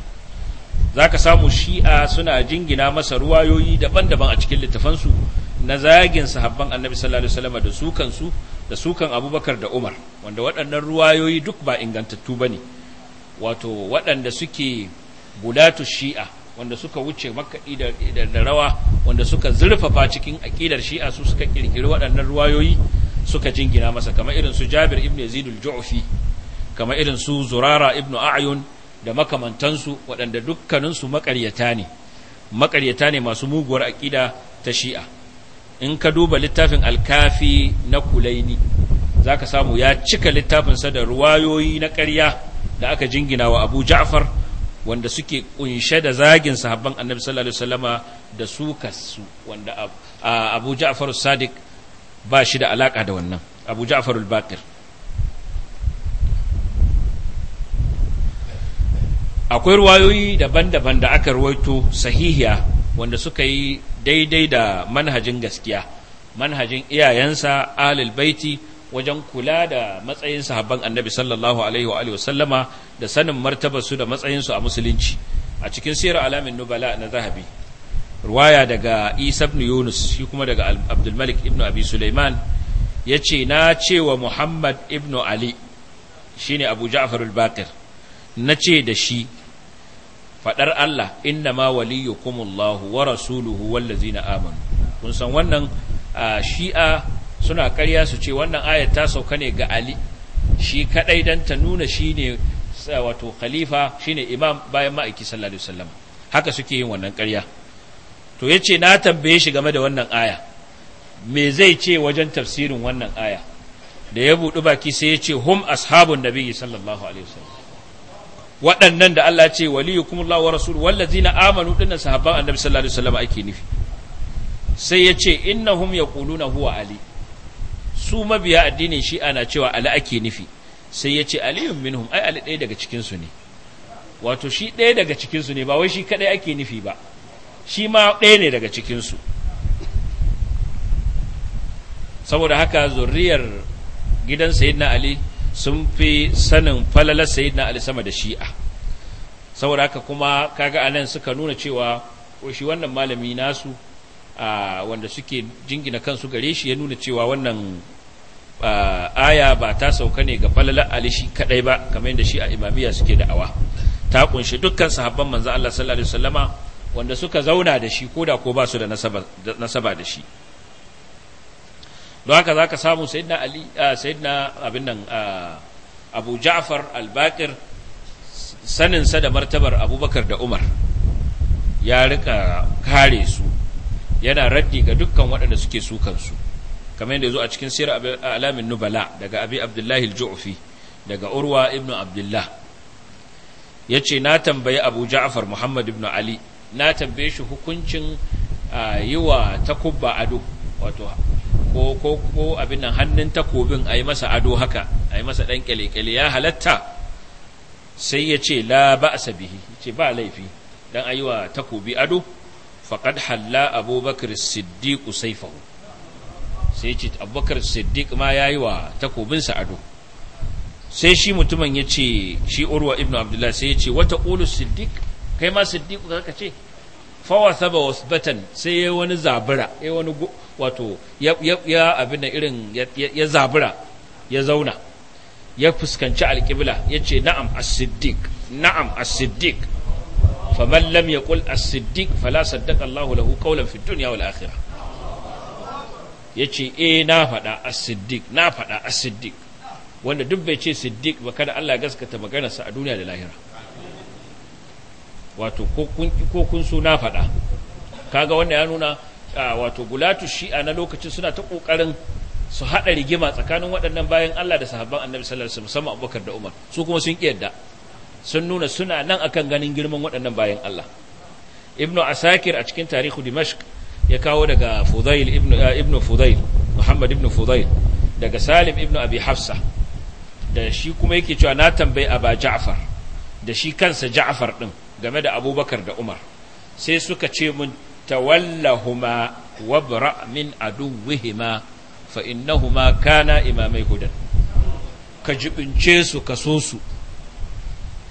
za ka samu shi'a suna jingina masa ruwayoyi daban-daban a cikin littafansu na zagin sahabban annabi sallallahu alaihi wasallam da sukan kansu da sukan abubakar da umar wanda waɗannan ruwayoyi duk ba ingantattu ba ne wato waɗanda suke bulatu shi'a wanda suka wuce makaɗi da rawa wanda suka zurfafa cikin aƙidar shi'a su suka ƙirƙiri waɗannan ruwayoyi suka jingina masa kamar irin su jabir ibn yazidul ju'fi kamar irin su zurara ibn a'yun da makamantansu waɗanda dukkaninsu maƙaryata ne maƙaryata ne masu muguwar aƙida ta shi'a in ka duba littafin alkafi na kulaini za ka samu ya cika littafinsa da ruwayoyi na ƙarya da aka jingina wa abu ja'far wanda suke kunshe da zagin sahabban annabi sallallahu alaihi wasallama da kasu wanda abu ja'far sadiq ba shi da alaka da wannan abu ja'far al-baqir akwai ruwayoyi daban-daban da aka ruwaito sahihiya wanda suka yi daidai da manhajin gaskiya manhajin iyayensa ahlul baiti wajen kula da matsayin sahabban annabi sallallahu alaihi wa sallama da sanin martabarsu da matsayinsu a musulunci a cikin sirar alamin nubala na zahabi ruwaya daga isa ibn yunus shi kuma daga abdulmalik ibn abi sulaiman ya ce na cewa muhammad ibn ali shine abu ja'far al-baqir na ce da shi fadar Allah inna ma waliyukumullahu wa rasuluhu wallazina amanu kun san wannan shi'a suna ƙarya su ce wannan ayat ta sauka ne ga Ali shi kadai dan ta nuna shine wato khalifa shine imam bayan ma'aiki sallallahu alaihi wasallam haka suke yin wannan ƙarya to yace na tambaye shi game da wannan aya me zai ce wajen tafsirin wannan aya da ya buɗi baki sai ya ce hum ashabun nabi sallallahu alaihi wasallam waɗannan da Allah ce waliyukumullahu wa rasuluhu wallazina amanu dinnan sahabban annabi sallallahu alaihi wasallam ake nufi sai ya ce innahum yaquluna huwa ali su mabiya addini shi ana cewa ali ake nufi sai ya ce aliyun minhum ai ali ɗaya daga cikin su ne wato shi ɗaya daga cikin su ne ba wai shi kadai ake nufi ba shi ma ɗaya ne daga cikin su saboda haka zurriyar gidan sayyidina ali sun fi sanin falalar sayyidina na alisama da shi'a saboda haka kuma kaga anan suka nuna cewa shi wannan malami nasu wanda suke jingina kansu gare shi ya nuna cewa wannan aya ba ta sauka ne ga falala alishi kadai ba kamar yadda shi'a imamiya suke da'awa ta kunshi dukkan sahabban manzo Allah sallallahu alaihi wasallama wanda suka zauna da shi koda ko ba su da nasaba da shi don haka ka samu sayyidina ali ah, sayyidina abin nan ah, abu ja'far da martabar abubakar da umar ya rika kare su yana raddi ga dukkan waɗanda suke sukansu su kamar yadda zo a cikin sirar alamin nubala daga abi abdullahi al-ju'fi daga urwa ibnu abdullah yace na tambayi abu ja'far muhammad ibnu ali na tambaye shi hukuncin ah, yi wa takubba ado wato ko ko ko abin nan hannun takobin a yi masa ado haka a yi masa ɗan ƙyale-ƙyale ya halatta sai ya ce la ba a bihi ce ba laifi dan a yi wa takobi ado faƙad halla abubakar siddiq saifahu sai ce abubakar siddiq ma ya yi wa takobinsa ado sai shi mutumin ya ce shi urwa ibnu abdullahi sai ya ce wata ƙulu siddiq kai ma siddiq ka ce fawasa ba wasbatan sai ya wani zabura ya wani wato ya abin irin ya zabura ya zauna ya fuskanci alƙibla ya ce na'am as-siddiq na'am as-siddiq faman lam yaqul as-siddiq fala saddaqa Allahu lahu qawlan fid dunya wal akhirah yace eh na faɗa as-siddiq na faɗa as-siddiq wanda duk bai ce siddiq ba kada Allah ya gaskata maganarsa a duniya da lahira wato ko kun so na faɗa kaga wanda ya nuna wato gulatu shi'a na lokacin suna ta ƙoƙarin su haɗa rigima tsakanin waɗannan bayan Allah da sahabban annabi sallallahu alaihi wasallam musamman abubakar da umar su kuma sun kiyarda sun nuna suna nan akan ganin girman waɗannan bayan Allah ibnu asakir a cikin tarihu dimashq ya kawo daga fudail ibnu ibnu fudail muhammad ibnu fudail daga salim ibnu abi hafsa da shi kuma yake cewa na tambayi aba ja'far da shi kansa ja'far din game da abubakar da umar sai suka ce mun tawallahuma wabra min aduwwihima fa innahuma kana imamai hudan ka jibince su ka so su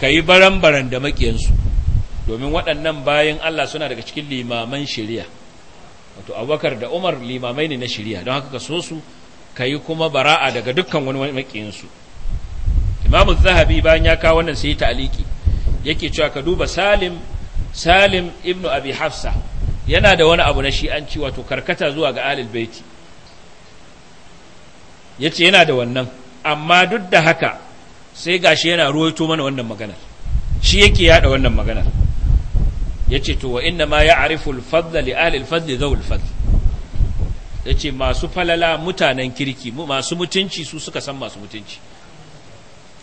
ka yi baran-baran da makiyansu domin waɗannan bayan Allah suna daga cikin limaman shirya wato abubakar da umar limamai ne na shirya don haka ka so su ka yi kuma bara'a daga dukkan wani makiyinsu imamu zahabi bayan ya kawo wannan sai ta'aliki yake cewa ka duba salim salim ibn abi hafsa yana da wani abu na shi'anci wato karkata zuwa ga alil baiti yace yana da wannan amma duk da haka sai gashi yana ruwaito mana wannan maganar shi yake yada wannan maganar yace to wa inna ma ya al-fadl li alil al-fadl ya ce masu falala mutanen kirki masu mutunci su suka san masu mutunci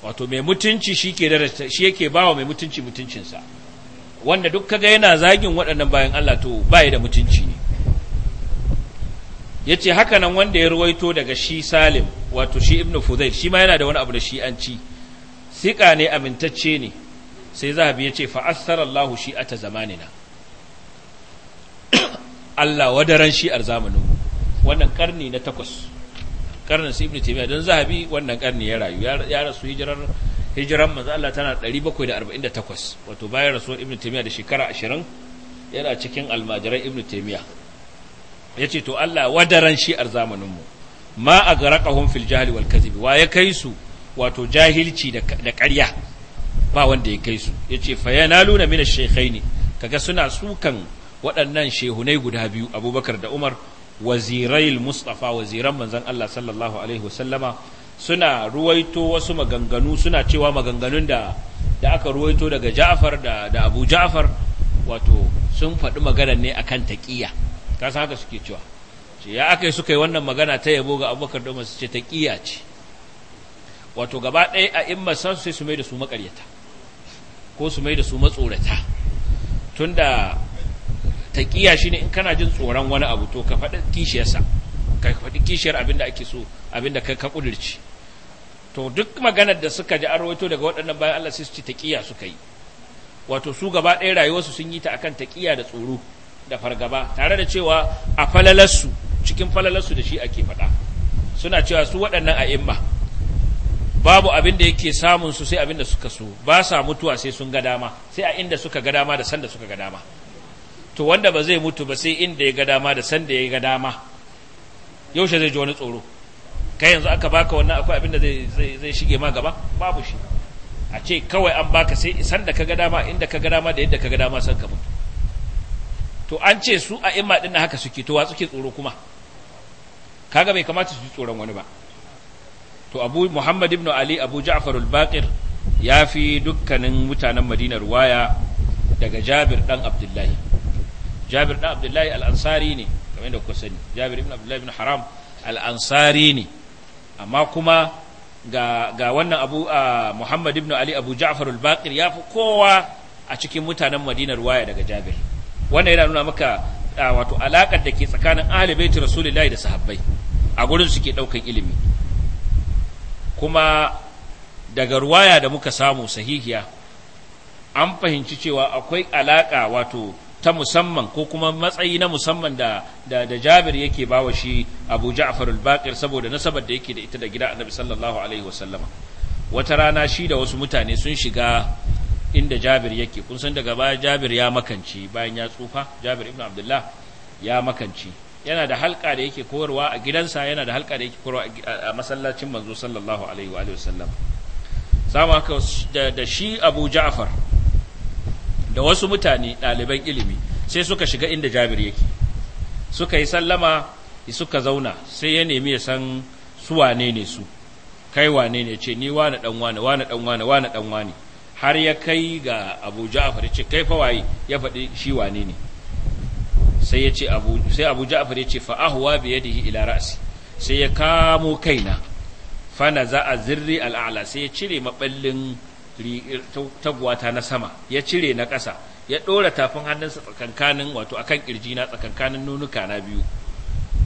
wato mai mutunci shi ke shi yake bawa mai mutunci mutuncinsa wanda duk kaga yana zagin waɗannan bayan Allah to baya da mutunci ne yace ce haka wanda ya ruwaito daga shi salim wato shi ibn fuzail shi ma yana da wani abu da shi an ci siƙa ne amintacce ne sai zahabi ya ce fa'assar Allah shi a ta zamanina Allah wadaran shi a zamaninmu wannan karni na takwas karnin su ibn taymiya don zahabi wannan karni ya rayu ya rasu hijirar hijiran manzo Allah tana 748 wato bayan rasuwar ibn taymiya da shekara 20 yana cikin almajiran ibn taymiya yace to Allah wadaran shi ar zamanin mu ma agraqahum fil jahli wal kadhib wa ya kai su wato jahilci da ƙarya ba wanda ya kai su yace fa yanaluna min ash-shaykhaini kaga suna sukan waɗannan shehunai guda biyu Abubakar da Umar wazirai mustafa waziran manzan Allah sallallahu alaihi wasallama suna ruwaito wasu maganganu suna cewa maganganun da da aka ruwaito daga Ja'far da da Abu Ja'far wato sun faɗi magana ne akan taƙiya ka san haka suke cewa ce ya aka yi suka yi wannan magana ta yabo ga Abubakar da su ce taƙiya ce wato gaba ɗaya a in san sai su mai da su maƙaryata ko su mai da su matsorata tun da. Taƙiya shi ne in kana jin tsoron wani abu to ka faɗi kishiyarsa ka faɗi kishiyar abinda ake so abinda kai ka ƙudurci to duk maganar da suka ji arwato daga waɗannan bayan Allah sai su ci taƙiya suka yi wato su gaba ɗaya rayuwarsu sun yi ta akan taƙiya da tsoro da fargaba tare da cewa a falalarsu cikin falalarsu da shi ake faɗa suna cewa su waɗannan a'imma babu abin da yake samun su sai abin da suka so ba sa mutuwa sai sun ga dama sai a inda suka ga dama da sanda suka ga dama to wanda ba zai mutu ba sai inda ya ga dama da sanda ya ga dama yaushe zai ji wani tsoro kai yanzu aka baka wannan akwai abin da zai shige ma gaba babu shi a ce kawai an baka sai sanda ka ga dama inda ka ga dama da yadda ka ga dama san ka mutu to an ce su a imma din haka suke to wa suke tsoro kuma kaga bai kamata su ji tsoron wani ba to abu muhammad ibn ali abu ja'far al-baqir ya fi dukkanin mutanen madina waya daga jabir dan abdullahi jabir ɗan abdullahi al'ansari ne kamar yadda kuka sani jabir ibn abdullahi ibn haram al'ansari ne amma kuma ga, ga wannan abu a muhammad ibn ali abu ja'far al-baqir ya fi kowa a cikin mutanen madinar waya daga jabir wannan yana nuna maka wato alakar da ke tsakanin ahli baiti rasulullahi da sahabbai a gurin suke ɗaukan ilimi kuma daga ruwaya da muka samu sahihiya an fahimci cewa akwai alaka wato ta musamman ko kuma matsayi na musamman da da, da Jabir yake bawa shi Abu Ja'far al-Baqir saboda nasabar da yake da ita da gida Annabi sallallahu alaihi wasallama wata rana shi da wasu mutane sun shiga inda Jabir yake kun san daga baya Jabir ya makanci bayan ya tsufa Jabir ibn Abdullah ya makanci yana da halka da yake koyarwa a gidansa yana da halka da yake koyarwa a masallacin manzo sallallahu alaihi wa sallam sama haka da shi Abu Ja'far da wasu mutane ɗaliban ilimi sai suka shiga inda jabir yake suka yi sallama suka zauna sai ya nemi ya san su wane ne su kai wane ne ce ni wane dan wane wane dan wane wane dan wane har ya kai ga Abu Ja'far ce kai fa waye ya faɗi shi wane ne sai ya ce Abu sai Abu Ja'far ya ce fa ahwa bi yadihi ila ra'si sai ya kamo kaina fa naza'a zirri al'ala sai ya cire maɓallin. taguwata na sama ya cire na ƙasa ya ɗora tafin hannunsa tsakankanin wato akan ƙirji na tsakankanin nunuka na biyu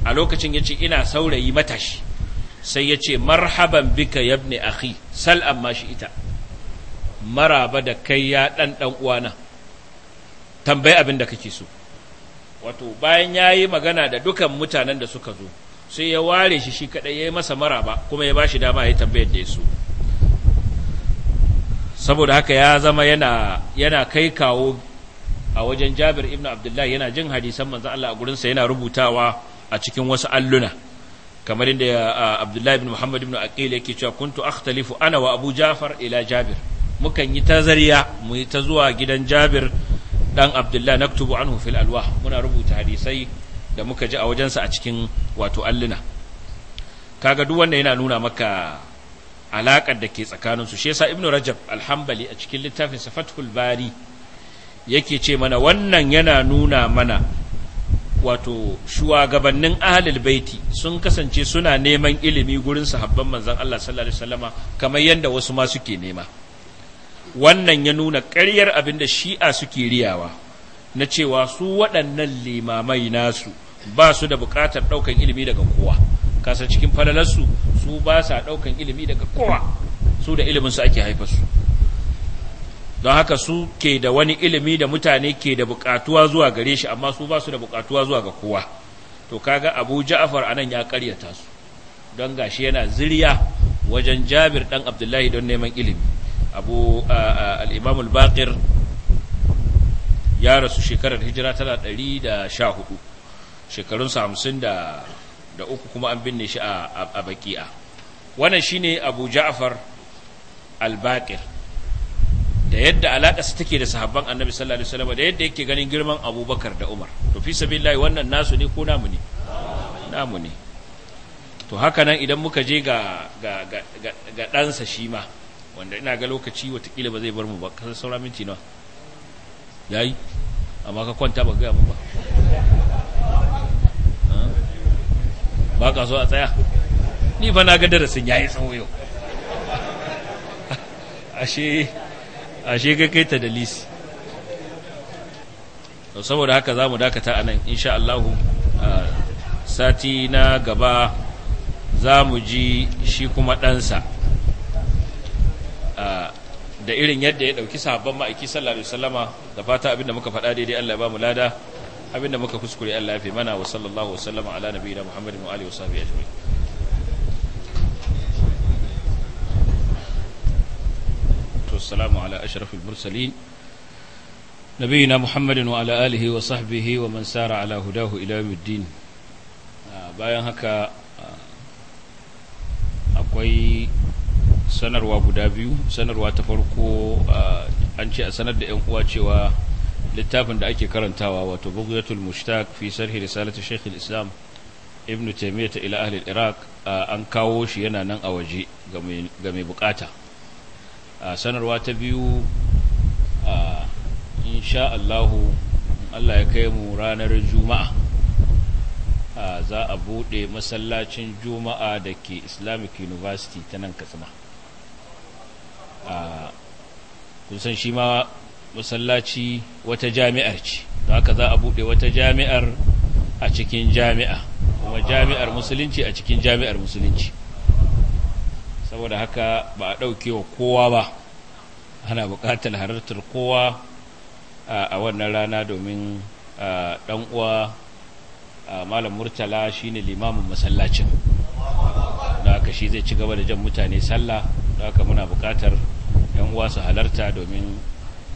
a lokacin ya ce ina saurayi matashi sai ya ce marhaban bika a akhi sal amma shi ita maraba da kai ya ɗan ɗan uwana tambayi abin da kake so wato bayan ya yi magana da dukan mutanen da suka zo sai ya ware shi shi kaɗai ya yi masa maraba kuma ya ba shi dama ya yi tambayar da ya so saboda haka ya zama yana yana kai kawo a wajen Jabir ibn Abdullah yana jin hadisan manzon Allah a gurinsa yana rubutawa a cikin wasu alluna kamar inda Abdullah ibn Muhammad ibn Aqil yake cewa kuntu akhtalifu ana wa Abu Ja'far ila Jabir mukan yi tazariya mu yi ta zuwa gidan Jabir dan Abdullah naktubu anhu fil alwah muna rubuta hadisai da muka ji a wajensa a cikin wato alluna kaga duk wanda yana nuna maka alaƙar da ke tsakaninsu shi yasa ibnu rajab alhambali a cikin littafin fathul bari yake ce mana wannan yana nuna mana wato shugabannin ahlul baiti sun kasance suna neman ilimi gurin sahabban manzon Allah sallallahu alaihi wasallama kamar yadda wasu ma suke nema wannan ya nuna ƙaryar abin da shi'a suke riyawa na cewa su waɗannan limamai nasu ba su da buƙatar ɗaukar ilimi daga kowa kasa cikin falalarsu su ba sa ɗaukan ilimi daga kowa su da iliminsu ake haifarsu don haka su ke da wani ilimi da mutane ke da bukatuwa zuwa gare shi amma su ba su da buƙatuwa zuwa ga kowa to kaga abu ja'afar anan ya karyata su don gashi yana ziriya wajen jabir ɗan abdullahi don neman ilimi abu al'imamul baqir ya rasu shekarar hijira tana 114 shekarunsa hamsin da da uku kuma an binne shi a baki'a wannan shine abu ja'far al-baqir da yadda alaƙarsa take da sahabban annabi sallallahu alaihi wasallam da yadda yake ganin girman abubakar da umar to fi sabilillahi wannan nasu ne ko namu ne namu ne to haka nan idan muka je ga ga ga, ga, ɗansa shi ma wanda ina ga lokaci watakila ba zai bar mu ba kasar saura minti nawa yayi amma ka kwanta ba gaya mu ba ba ka so a tsaya ni fa na ga darasin yayi tsawo yau ashe ashe ga kai ta dalisi saboda haka zamu dakata anan insha Allah sati na gaba za mu ji shi kuma ɗansa da irin yadda ya ɗauki sahabban ma'aiki sallallahu alaihi wasallama da fata abinda muka faɗa daidai Allah ya ba mu lada abinda muka kuskure Allah ya fi mana wa sallallahu wasallama ala nabiyina Muhammadin wa wa sahbihi ajma'in to assalamu ala ah, bayan haka ah, akwai sanarwa guda biyu sanarwa ta farko ah, an ce a sanar da 'yan uwa cewa littafin da ake karantawa wato bughyatul mushtaq fi sharhi risalati shaykh al-islam ibn taymiyyah ila ahli al-iraq an kawo shi yana nan a waje ga mai bukata sanarwa ta biyu insha Allah Allah ya kai mu ranar juma'a za a bude masallacin juma'a da ke islamic university ta nan katsina kun san shi ma masallaci wata jami'ar ce da haka za a buɗe wata jami'ar a cikin jami'a kuma jami'ar musulunci a cikin jami'ar musulunci saboda haka ba a ɗauke wa kowa ba ana buƙatar halartar kowa a wannan rana domin ɗan uwa malam murtala shine limamin masallacin da haka shi zai ci gaba da jan mutane sallah da haka muna buƙatar 'yan uwa su halarta domin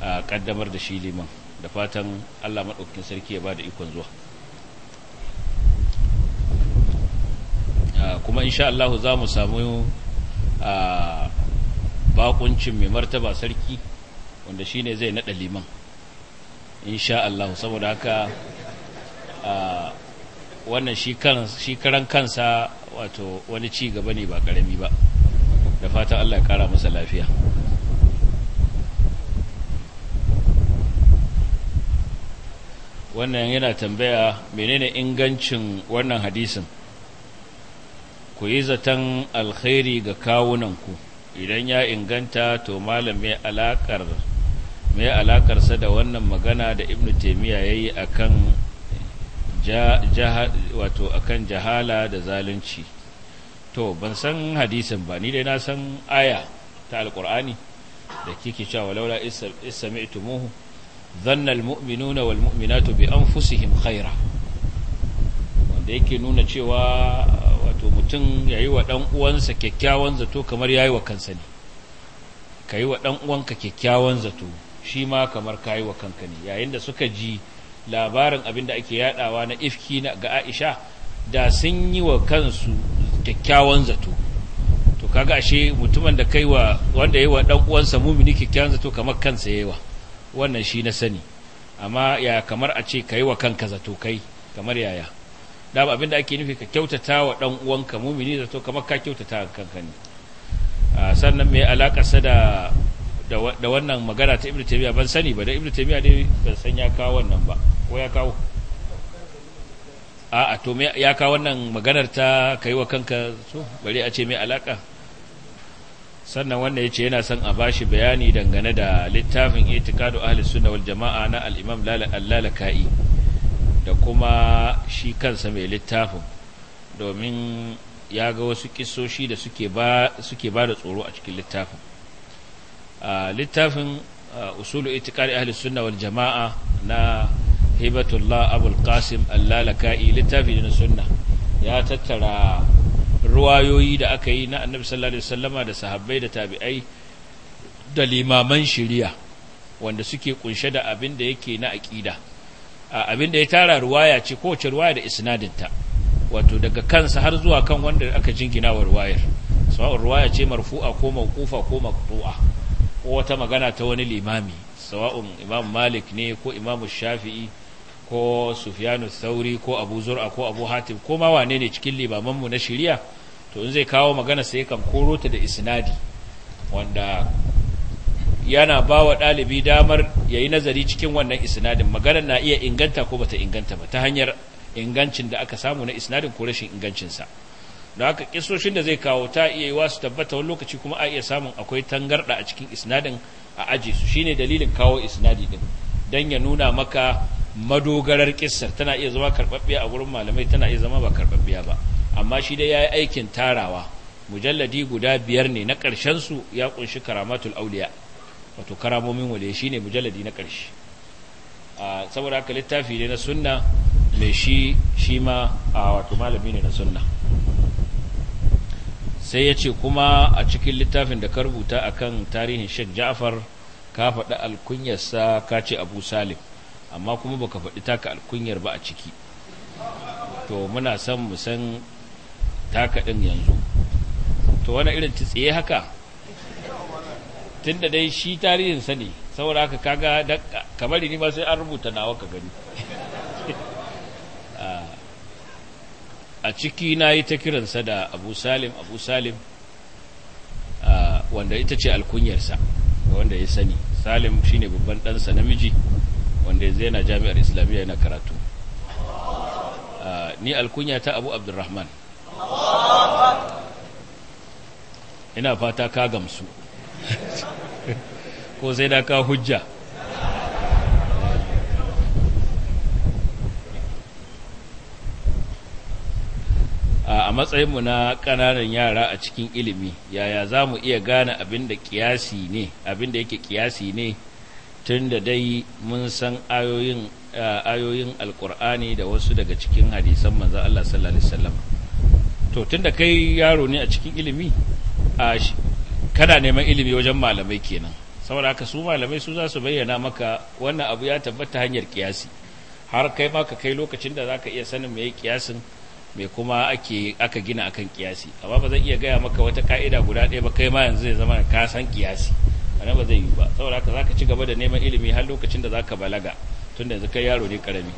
a kaddamar da shi liman da fatan Allah maɗaukakin sarki ya ba da ikon zuwa kuma insha Allah za mu samu bakuncin mai martaba sarki wanda shi ne zai naɗa liman insha Allah saboda haka wannan shi karan kansa wato wani ci gaba ne ba ƙarami ba da fatan Allah ya ƙara masa lafiya wannan yana tambaya menene ingancin wannan hadisin ku yi zaton alkhairi ga kawunanku idan ya inganta to malam mai alakar mai alakarsa da wannan magana da ibn taimiyya ya yi a kan wato akan jahala da zalunci to ban san hadisin ba ni dai na san aya ta alkur'ani da kike cewa laula isami'tumuhu ظن المؤمنون والمؤمنات mu'minatu خيرا wanda yake nuna cewa wato mutum yayi wa dan uwansa kyakkyawan zato kamar yayi wa kansa ne kai wa dan uwanka kyakkyawan zato shi ma kamar kai wa kanka ne yayin da suka ji labarin abin da ake yadawa na ifki na ga Aisha da sun yi wa kansu kyakkyawan zato to kaga ashe mutumin da kai wa wanda yayi wa dan uwansa mumini kyakkyawan zato kamar kansa yayi wa wannan shi na sani amma ya kamar a ce kai wa kanka zato kai kamar yaya da abin da ake nufi ka kyautata wa dan uwanka mumini zato kamar ka kyautata kanka ne sannan me alaka sa da da wannan magana ta ibnu taymiya ban sani ba da ibnu taymiya dai ban san ya kawo wannan ba ko ya kawo a'a to me ya kawo wannan maganar ta kai wa kanka so bare a ce me alaka sannan wanda ya ce yana son a bashi bayani dangane da littafin itikadu ahli sunna wal jama'a na al-imam lalaka'i da kuma shi kansa mai littafin domin ya ga wasu kisoshi da suke ba da tsoro a cikin littafin littafin usulu itikadi ahli sunna wal jama'a na hibatullah abul qasim al-lalaka'i littafin sunna ya tattara ruwayoyi da aka yi na annabi sallallahu alaihi wasallama da sahabbai da tabi'ai da limaman shari'a wanda suke kunshe da abin da yake na aqida abin da ya tara ruwaya ce ko kowace ruwaya da isnadinta wato daga kansa har zuwa kan wanda aka jingina wa ruwayar sawa'un ruwaya ce marfu'a ko mawqufa ko maqtu'a ko wata magana ta wani limami sawa'un imam malik ne ko imam shafi'i ko sufyanu sauri ko abu zur'a ko abu hatim ko ma wane ne cikin mu na shiriya to in zai kawo magana sai kan koro ta da isnadi wanda yana ba wa ɗalibi damar ya yi nazari cikin wannan isnadin magana na iya inganta ko bata inganta ba ta hanyar ingancin da aka samu na isnadin ko rashin ingancinsa da haka kisoshin da zai kawo ta iya yi wasu tabbata wani lokaci kuma a iya samun akwai tangarɗa a cikin isnadin a aji su shine dalilin kawo isnadi din don ya nuna maka madogarar kissar tana iya zama karbabbiya a gurin malamai tana iya zama ba karbabbiya ba amma shi dai ya yi aikin tarawa mujalladi guda biyar ne na ƙarshen su ya ƙunshi karamatul auliya wato karamomin wale shi ne mujalladi na ƙarshe saboda haka littafi ne na sunna mai shi shi ma wato malami ne na sunna sai ya ce kuma a cikin littafin da ka rubuta akan tarihin shek ja'far ka faɗi alkunyarsa ka ce abu salim amma kuma baka faɗi taka alkunyar ba a ciki to muna son mu san taka ɗin yanzu to wani irin ci tsaye haka tunda dai shi tarihinsa ne saboda haka kaga kamar ni ma sai an rubuta nawa ka gani a ciki na yi ta kiransa da abu salim abu salim wanda ita ce alkunyarsa wanda ya sani salim shine babban ɗansa namiji wanda zai na jami'ar islamiyya yana karatu ah, ni alkunya ta abu abdurrahman ina fata ka gamsu ko sai da ka hujja ah, a matsayinmu na ƙananan yara a cikin ilimi yaya za mu iya gane abin kiyasi ne abin da yake kiyasi ne tun da dai mun san ayoyin ayoyin alkur'ani da wasu daga cikin hadisan manzan Allah sallallahu alaihi wasallam to tun da kai yaro ne a cikin ilimi a kana neman ilimi wajen malamai kenan saboda haka su malamai su za su bayyana maka wannan abu ya tabbata hanyar kiyasi har kai ma ka kai lokacin da zaka iya sanin meye kiyasin me kuma ake aka gina akan kiyasi amma ba zan iya gaya maka wata ka'ida guda ɗaya ba kai ma yanzu zai zama ka san kiyasi ana ba zai yi ba saboda haka zaka ci gaba da neman ilimi har lokacin da zaka balaga tun da kai yaro ne karami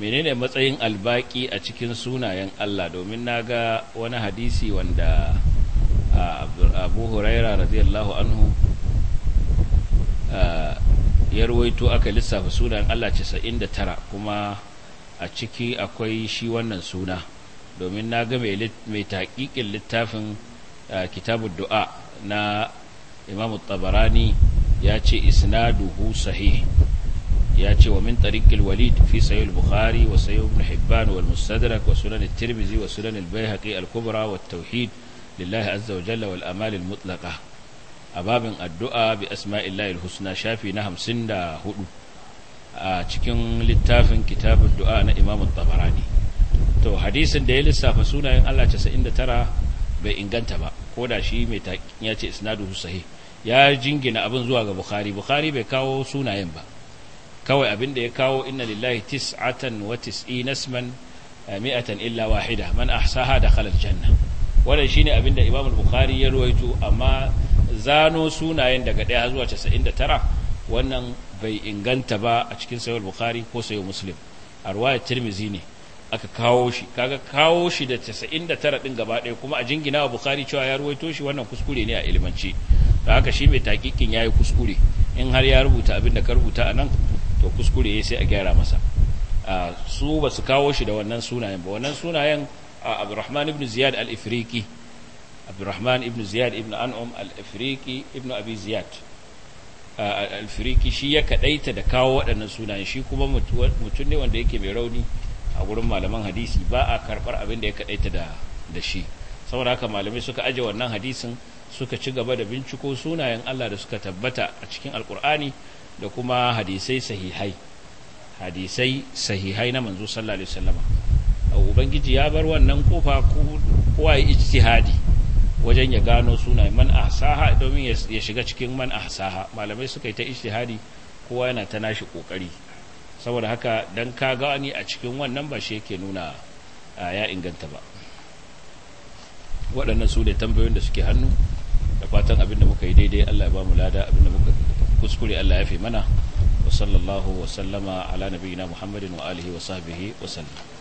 menene matsayin albaki a cikin sunayen Allah domin naga wani hadisi wanda Abu Huraira radiyallahu anhu ya ruwaito aka lissafa sunan Allah 99 kuma a ciki akwai shi wannan suna domin na ga mai taƙiƙin littafin kitabu du'a na imam tabarani ya ce isnaduhu sahih ya ce wa min tarikil walid fi sahih bukhari wa sahih ibn hibban wal mustadrak wa sunan at-tirmidhi wa sunan al-baihaqi al-kubra wa at-tauhid lillahi azza wa jalla wal amal al-mutlaqa ababin addu'a bi asma'illahi al-husna shafi na 54 a cikin littafin kitabud du'a na imam tabarani to hadisin da ya lissafa sunayen Allah 99 bai inganta ba ko da shi mai taƙin ya ce isnaduhu sahih ya jingina abin zuwa ga bukhari bukhari bai kawo sunayen ba kawai abin da ya kawo inna lillahi tis'atan wa tis'ina isman eh, mi'atan illa wahida man ahsaha dakhala aljanna wannan shine abin da imamu bukhari ya ruwaito amma zano sunayen daga 1 zuwa 99 wannan bai inganta ba a cikin sahih bukhari ko sahih muslim a tirmizi ne aka kawo shi kaga kawo shi da 99 din gaba ɗaya kuma a jingina wa bukhari cewa ya ruwaito shi wannan kuskure ne a ilimance da haka shi mai takikin ya yi kuskure in har ya rubuta abin da ka rubuta a nan to kuskure ya sai a gyara masa su ba su kawo shi da wannan sunayen ba wannan sunayen abdurrahman ibn ziyad al-ifriqi abdurrahman ibn ziyad ibn an'um al-ifriqi ibn abi ziyad al-ifriqi shi ya kadaita da kawo waɗannan sunayen shi kuma mutum ne wanda yake mai rauni a gurin malaman hadisi ba a karɓar abin da ya kaɗaita da da shi saboda haka malamai suka aje wannan hadisin suka ci gaba da binciko sunayen Allah da suka tabbata a cikin alkur'ani da kuma hadisai sahihai hadisai sahihai na manzo sallallahu alaihi wasallam ubangiji ya bar wannan kofa kowa ya ijtihadi wajen ya gano sunayen man ahsaha domin ya shiga cikin man ahsaha malamai suka yi ta ijtihadi kowa yana ta nashi kokari saboda haka don ka ga wani a cikin wannan ba shi yake nuna ya inganta ba waɗannan su ne tambayoyin da suke hannu da fatan abin da muka yi daidai Allah ya ba mu lada abin da muka kuskure Allah ya fi mana wa sallallahu wa sallama ala nabiyina Muhammadin wa alihi wa sahbihi wa sallam